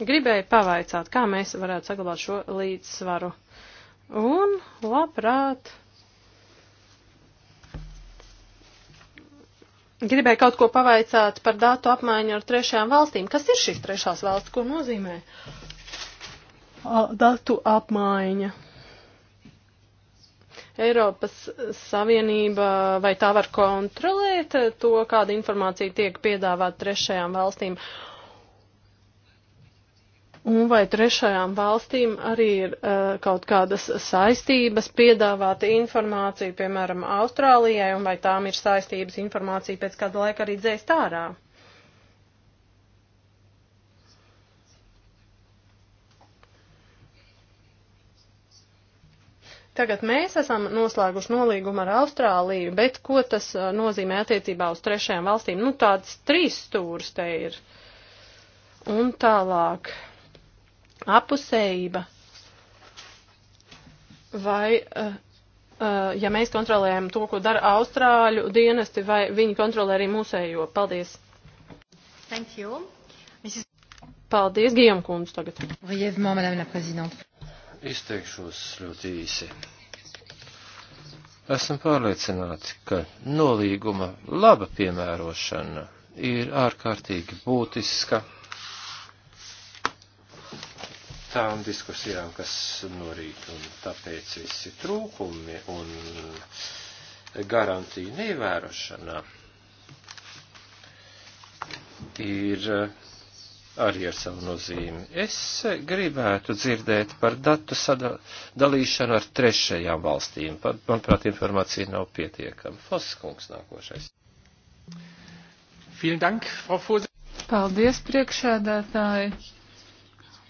Gribēju pavaicāt, kā mēs varētu saglabāt šo līdzsvaru. Un labprāt. Gribēju kaut ko pavaicāt par datu apmaiņu ar trešajām valstīm. Kas ir šīs trešās valsts, ko nozīmē? Uh, datu apmaiņa. Eiropas Savienība vai tā var kontrolēt to, kāda informācija tiek piedāvāta trešajām valstīm? Un vai trešajām valstīm arī ir uh, kaut kādas saistības piedāvāt informāciju, piemēram, Austrālijai, un vai tām ir saistības informācija pēc kāda laika arī dzēst ārā? Tagad mēs esam noslēguši nolīgumu ar Austrāliju, bet ko tas uh, nozīmē attiecībā uz trešajām valstīm? Nu, tāds trīs stūrs te ir. Un tālāk. Apusējība. Vai. Uh, uh, ja mēs kontrolējam to, ko dara Austrāļu dienesti, vai viņi kontrolē arī mūsējo. Paldies. Thank you. Mrs. Paldies, Gijam Kunds tagad. Brièvement, madame la présidente. Izteikšos ļoti īsi. Esam pārliecināti, ka nolīguma laba piemērošana ir ārkārtīgi būtiska tām diskusijām, kas norīt, un tāpēc visi trūkumi un garantija neievērošanā ir arī ar savu nozīmi. Es gribētu dzirdēt par datu sadalīšanu ar trešajām valstīm. Manuprāt, informācija nav pietiekama. Foskungs nākošais. Dank, Paldies, priekšēdētāji.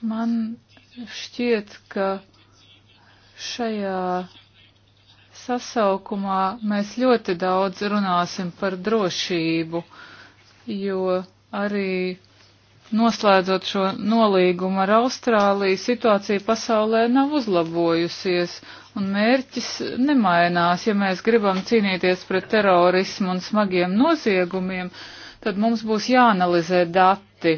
Man šķiet, ka šajā sasaukumā mēs ļoti daudz runāsim par drošību, jo arī Noslēdzot šo nolīgumu ar Austrāliju, situācija pasaulē nav uzlabojusies, un mērķis nemainās. Ja mēs gribam cīnīties pret terorismu un smagiem noziegumiem, tad mums būs jāanalizē dati.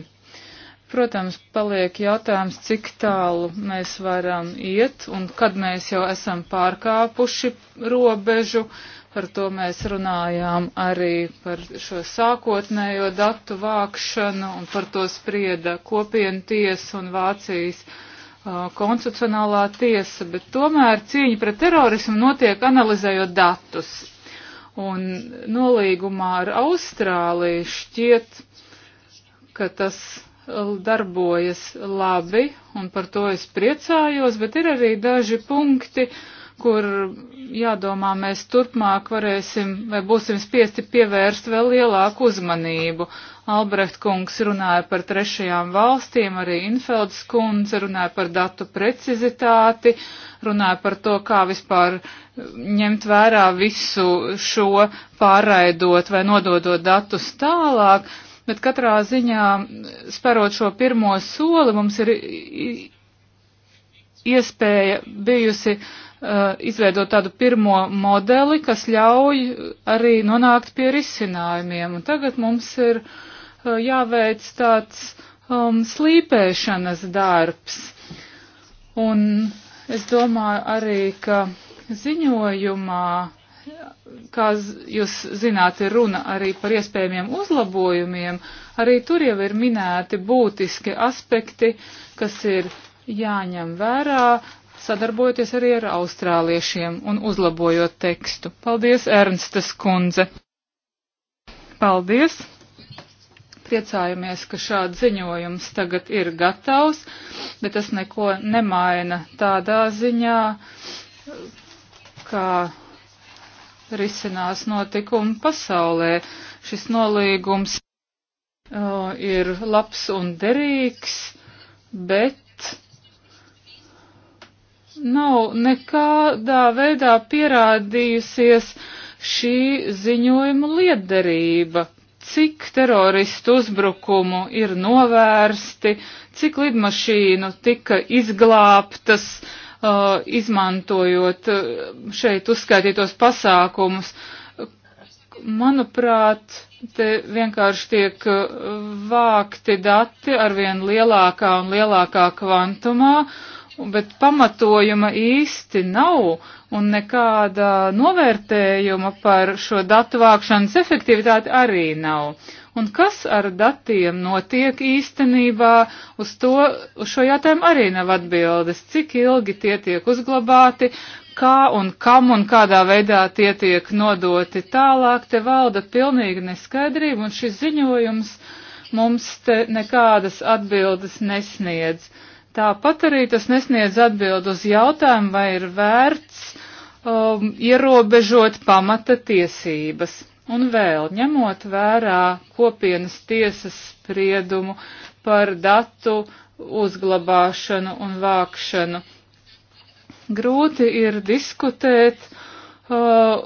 Protams, paliek jautājums, cik tālu mēs varam iet un kad mēs jau esam pārkāpuši robežu Par to mēs runājām arī par šo sākotnējo datu vākšanu un par to sprieda kopienu tiesa un Vācijas uh, konstitucionālā tiesa, bet tomēr cīņa pret terorismu notiek analizējot datus. Un nolīgumā ar Austrāliju šķiet, ka tas uh, darbojas labi, un par to es priecājos, bet ir arī daži punkti, uh, kur, jādomā, mēs turpmāk varēsim vai būsim spiesti pievērst vēl lielāku uzmanību. Albrecht kungs runāja par trešajām valstīm, arī Infelds kundze runāja par datu precizitāti, runāja par to, kā vispār ņemt vērā visu šo pārraidot vai nododot datus tālāk. Bet katrā ziņā, sperot šo pirmo soli, mums ir iespēja bijusi Uh, izveidot tādu pirmo modeli, kas ļauj arī nonākt pie risinājumiem. Un tagad mums ir uh, jāveic tāds um, slīpēšanas darbs. Un es domāju arī, ka ziņojumā, kā jūs zināt, ir runa arī par iespējamiem uzlabojumiem, arī tur jau ir minēti būtiski aspekti, kas ir jāņem vērā, sadarbojoties arī ar austrāliešiem un uzlabojot tekstu. Paldies, Ernstas kundze! Paldies! Priecājamies, ka šāds ziņojums tagad ir gatavs, bet tas neko nemaina tādā ziņā, kā risinās notikumi pasaulē. Šis nolīgums uh, ir labs un derīgs, bet nav nekādā veidā pierādījusies šī ziņojuma liederība, cik teroristu uzbrukumu ir novērsti, cik lidmašīnu tika izglābtas, uh, izmantojot uh, šeit uzskaitītos pasākumus. Manuprāt, te vienkārši tiek uh, vākti dati arvien lielākā un lielākā kvantumā, bet pamatojuma īsti nav un nekāda novērtējuma par šo datu vākšanas efektivitāti arī nav. Un kas ar datiem notiek īstenībā, uz, to, uz šo jautājumu arī nav atbildes, cik ilgi tie tiek uzglabāti, kā un kam un kādā veidā tie tiek nodoti tālāk, te valda pilnīga neskaidrība un šis ziņojums mums te nekādas atbildes nesniedz. Tāpat arī tas nesniedz atbild uz jautājumu, vai ir vērts um, ierobežot pamata tiesības. Un vēl ņemot vērā kopienas tiesas spriedumu par datu uzglabāšanu un vākšanu, grūti ir diskutēt, uh,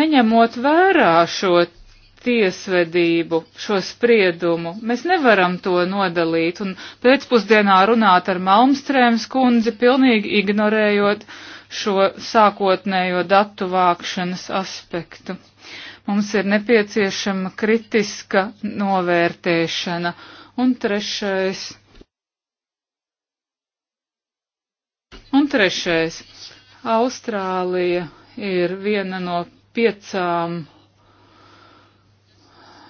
neņemot vērā šo tiesvedību, šo spriedumu. Mēs nevaram to nodalīt un pēcpusdienā runāt ar Malmstrēms kundzi, pilnīgi ignorējot šo sākotnējo datu vākšanas aspektu. Mums ir nepieciešama kritiska novērtēšana. Un trešais. Un trešais. Austrālija ir viena no piecām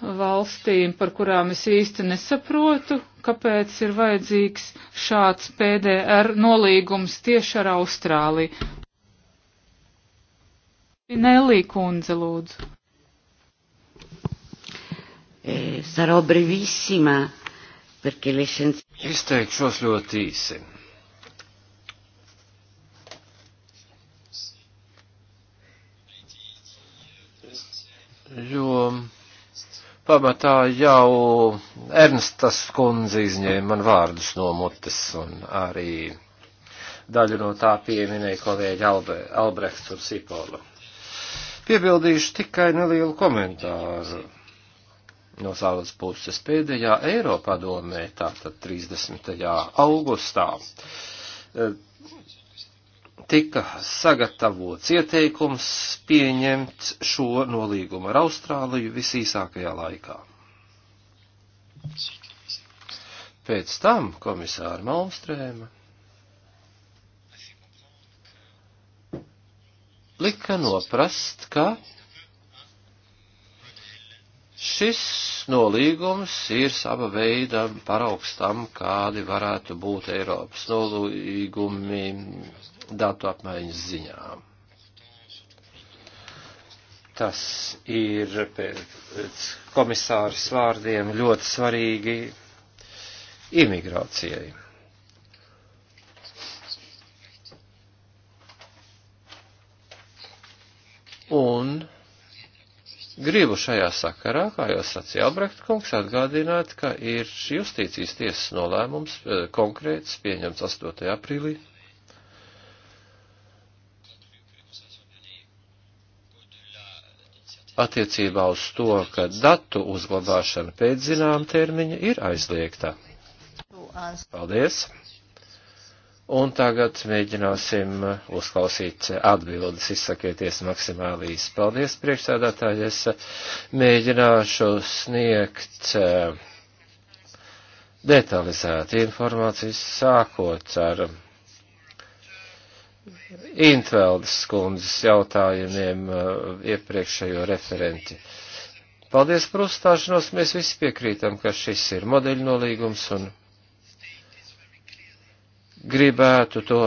valstīm, par kurām es īsti nesaprotu, kāpēc ir vajadzīgs šāds PDR nolīgums tieši ar Austrāliju. Nelī kundze, lūdzu. E, sarò brevissima perché le scienziate. Izteikšos ļoti īsi. Jo pamatā jau Ernstas kundze izņēma man vārdus no mutes un arī daļu no tā pieminēja kolēģi Albe, Albrechts un Sipola. Piebildīšu tikai nelielu komentāru no savas puses pēdējā Eiropadomē, tātad 30. augustā tika sagatavots ieteikums pieņemt šo nolīgumu ar Austrāliju visīsākajā laikā. Pēc tam komisāra Malmstrēma lika noprast, ka šis nolīgums ir sava veida paraugstam, kādi varētu būt Eiropas nolīgumi datu apmaiņas ziņā. Tas ir pēc komisāras vārdiem ļoti svarīgi imigrācijai. Un gribu šajā sakarā, kā jau sacīja Albrecht kungs, atgādināt, ka ir justīcijas tiesas nolēmums eh, konkrēts pieņemts 8. aprīlī attiecībā uz to, ka datu uzglabāšana pēc zinām termiņa ir aizliegta. Paldies! Un tagad mēģināsim uzklausīt atbildes, izsakieties maksimāli īsi. Paldies, priekšsēdētāji, es mēģināšu sniegt eh, detalizētu informāciju sākot ar Intveldes skundzes jautājumiem uh, iepriekšējo referenti. Paldies par uzstāšanos, mēs visi piekrītam, ka šis ir modeļnolīgums un gribētu to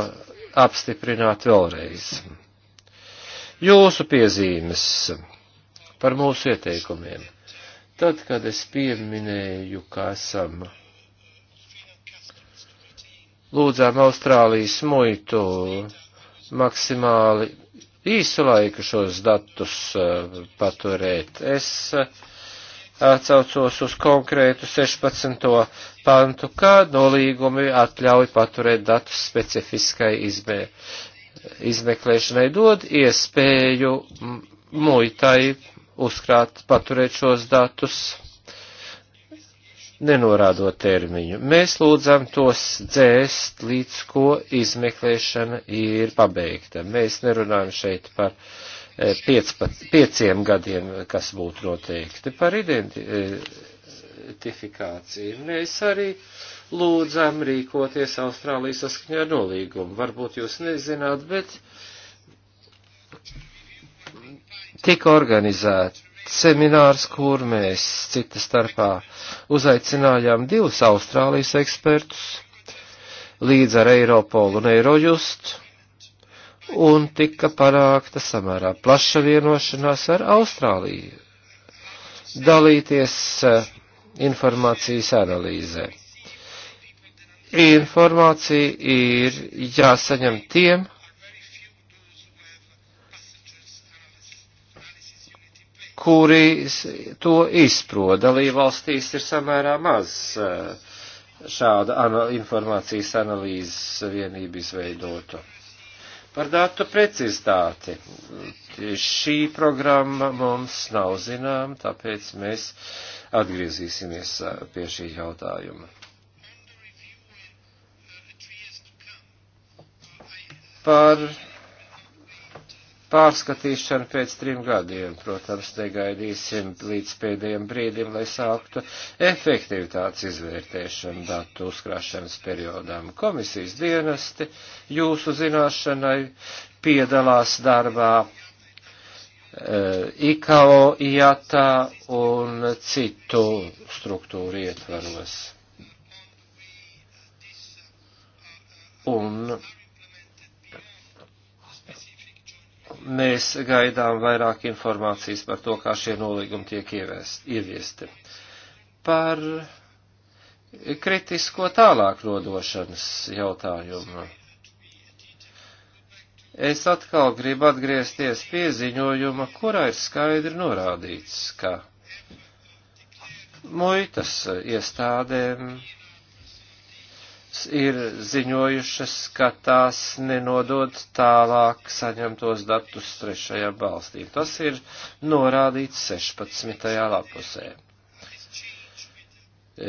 apstiprināt vēlreiz. Jūsu piezīmes par mūsu ieteikumiem. Tad, kad es pieminēju, ka esam lūdzām Austrālijas muitu maksimāli īsu laiku šos datus eh, paturēt. Es eh, atsaucos uz konkrētu 16. pantu, kā nolīgumi atļauj paturēt datus specifiskai izmē, izmeklēšanai, dod iespēju muitai uzkrāt, paturēt šos datus nenorādot termiņu. Mēs lūdzam tos dzēst, līdz ko izmeklēšana ir pabeigta. Mēs nerunājam šeit par 15, eh, pieciem gadiem, kas būtu noteikti par identifikāciju. Eh, Mēs arī lūdzam rīkoties Austrālijas saskaņā nolīgumu. Varbūt jūs nezināt, bet tika organizēta seminārs, kur mēs cita starpā uzaicinājām divus Austrālijas ekspertus līdz ar Eiropolu un Eirojustu un tika panākta samērā plaša vienošanās ar Austrāliju dalīties eh, informācijas analīzē. Informācija ir jāsaņem tiem, kuri to izprot. Dalībvalstīs ir samērā maz e, šāda informācijas analīzes vienību izveidotu. Par datu precizitāti. Šī programma mums nav zinām, tāpēc mēs atgriezīsimies e, pie šī jautājuma. Par pārskatīšanu pēc trim gadiem. Protams, negaidīsim līdz pēdējiem brīdim, lai sāktu efektivitātes izvērtēšanu datu uzkrāšanas periodām. Komisijas dienesti jūsu zināšanai piedalās darbā e, eh, IKO, IATA un citu struktūru ietvaros. Un mēs gaidām vairāk informācijas par to, kā šie nolīgumi tiek ievēst, ieviesti. Par kritisko tālāk nodošanas jautājumu. Es atkal gribu atgriezties pie ziņojuma, kurā ir skaidri norādīts, ka muitas iestādēm ir ziņojušas, ka tās nenodod tālāk saņemtos datus trešajā balstī. Tas ir norādīts 16. lapusē.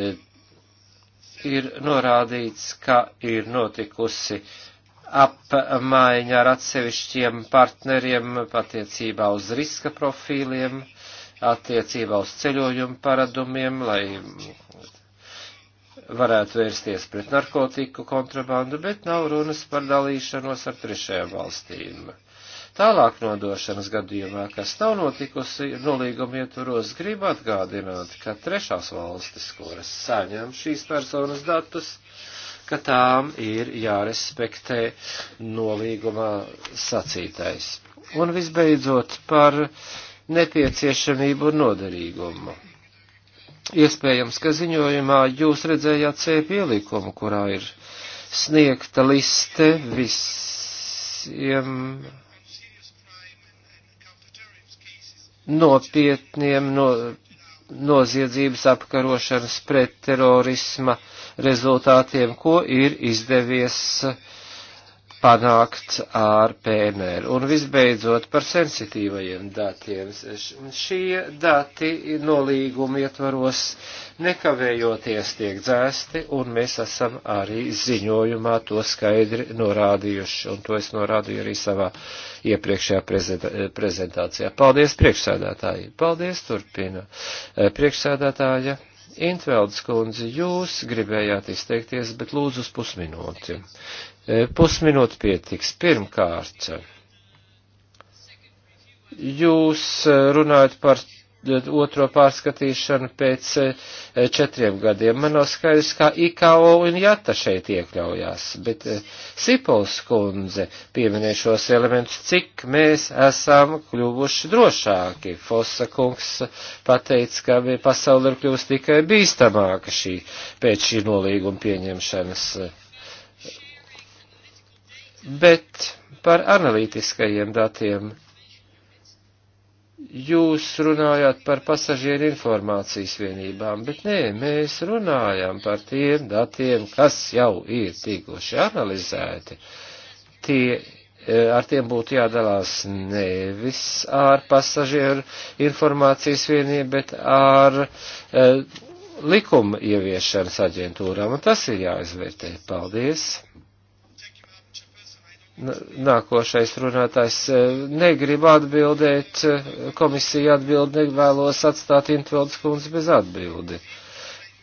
E, ir norādīts, ka ir notikusi apmaiņa ar atsevišķiem partneriem attiecībā uz riska profīliem, attiecībā uz ceļojumu paradumiem, lai varētu vērsties pret narkotiku kontrabandu, bet nav runas par dalīšanos ar trešajām valstīm. Tālāk nodošanas gadījumā, kas nav notikusi nolīguma ietvaros, gribu atgādināt, ka trešās valstis, kuras saņem šīs personas datus, ka tām ir jārespektē nolīgumā sacītais. Un visbeidzot par nepieciešamību un noderīgumu. Iespējams, ka ziņojumā jūs redzējāt C pielikumu, kurā ir sniegta liste visiem nopietniem no, noziedzības apkarošanas pret terorisma rezultātiem, ko ir izdevies uh, panākts ar PNR. Un visbeidzot par sensitīvajiem datiem. Šie dati nolīguma ietvaros nekavējoties tiek dzēsti, un mēs esam arī ziņojumā to skaidri norādījuši, un to es norādīju arī savā iepriekšējā prezentācijā. Paldies priekšsēdētāji! Paldies, turpina eh, priekšsēdētāja! Intveldes kundze, jūs gribējāt izteikties, bet lūdzu uz pusminūti. E, pusminūte pietiks. Pirmkārt, jūs runājat par otro pārskatīšanu pēc e, četriem gadiem. Man nav skaidrs, kā IKO un JATA šeit iekļaujās, bet e, Sipols kundze pieminē šos elementus, cik mēs esam kļuvuši drošāki. Fosa kungs pateica, ka pasaule ir kļuvusi tikai bīstamāka šī, pēc šī nolīguma pieņemšanas. Bet par analītiskajiem datiem. Jūs runājāt par pasažieru informācijas vienībām, bet nē, mēs runājam par tiem datiem, kas jau ir tikuši analizēti. Tie e, ar tiem būtu jādalās nevis ar pasažieru informācijas vienību, bet ar e, likuma ieviešanas aģentūrām, un tas ir jāizvērtē. Paldies! Nākošais runātājs eh, negrib atbildēt, eh, komisija atbild, nevēlos atstāt Intveldes kundzi bez atbildi.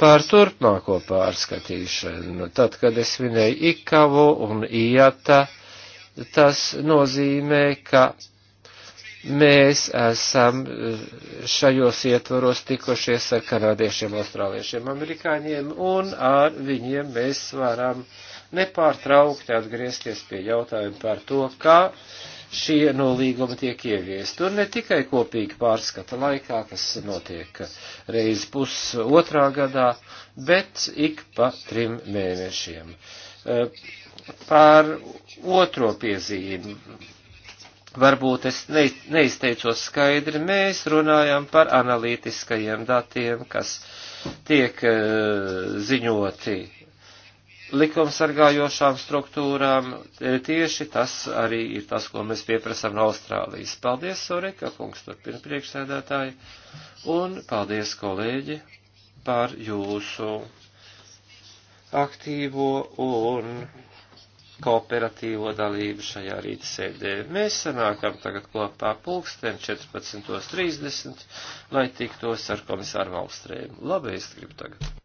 Pār turpmāko pārskatīšanu, tad, kad es vinēju ikavu un iata, tas nozīmē, ka mēs esam eh, šajos ietvaros tikušies ar kanādiešiem, austrāliešiem, amerikāņiem, un ar viņiem mēs varam uh, nepārtraukti atgriezties pie jautājuma par to, kā šie nolīgumi tiek ieviest. Un ne tikai kopīgi pārskata laikā, kas notiek reiz pusotrā gadā, bet ik pa trim mēnešiem. Eh, par otro piezīmi. Varbūt es neizteicos skaidri, mēs runājam par analītiskajiem datiem, kas tiek eh, ziņoti likumsargājošām struktūrām, e, tieši tas arī ir tas, ko mēs pieprasām no Austrālijas. Paldies, Sorika, kungs, turpina priekšsēdētāji, un paldies, kolēģi, par jūsu aktīvo un kooperatīvo dalību šajā rīta sēdē. Mēs sanākam tagad kopā pulksten 14.30, lai tiktos ar komisāru Valstrēm. Labi, es gribu tagad.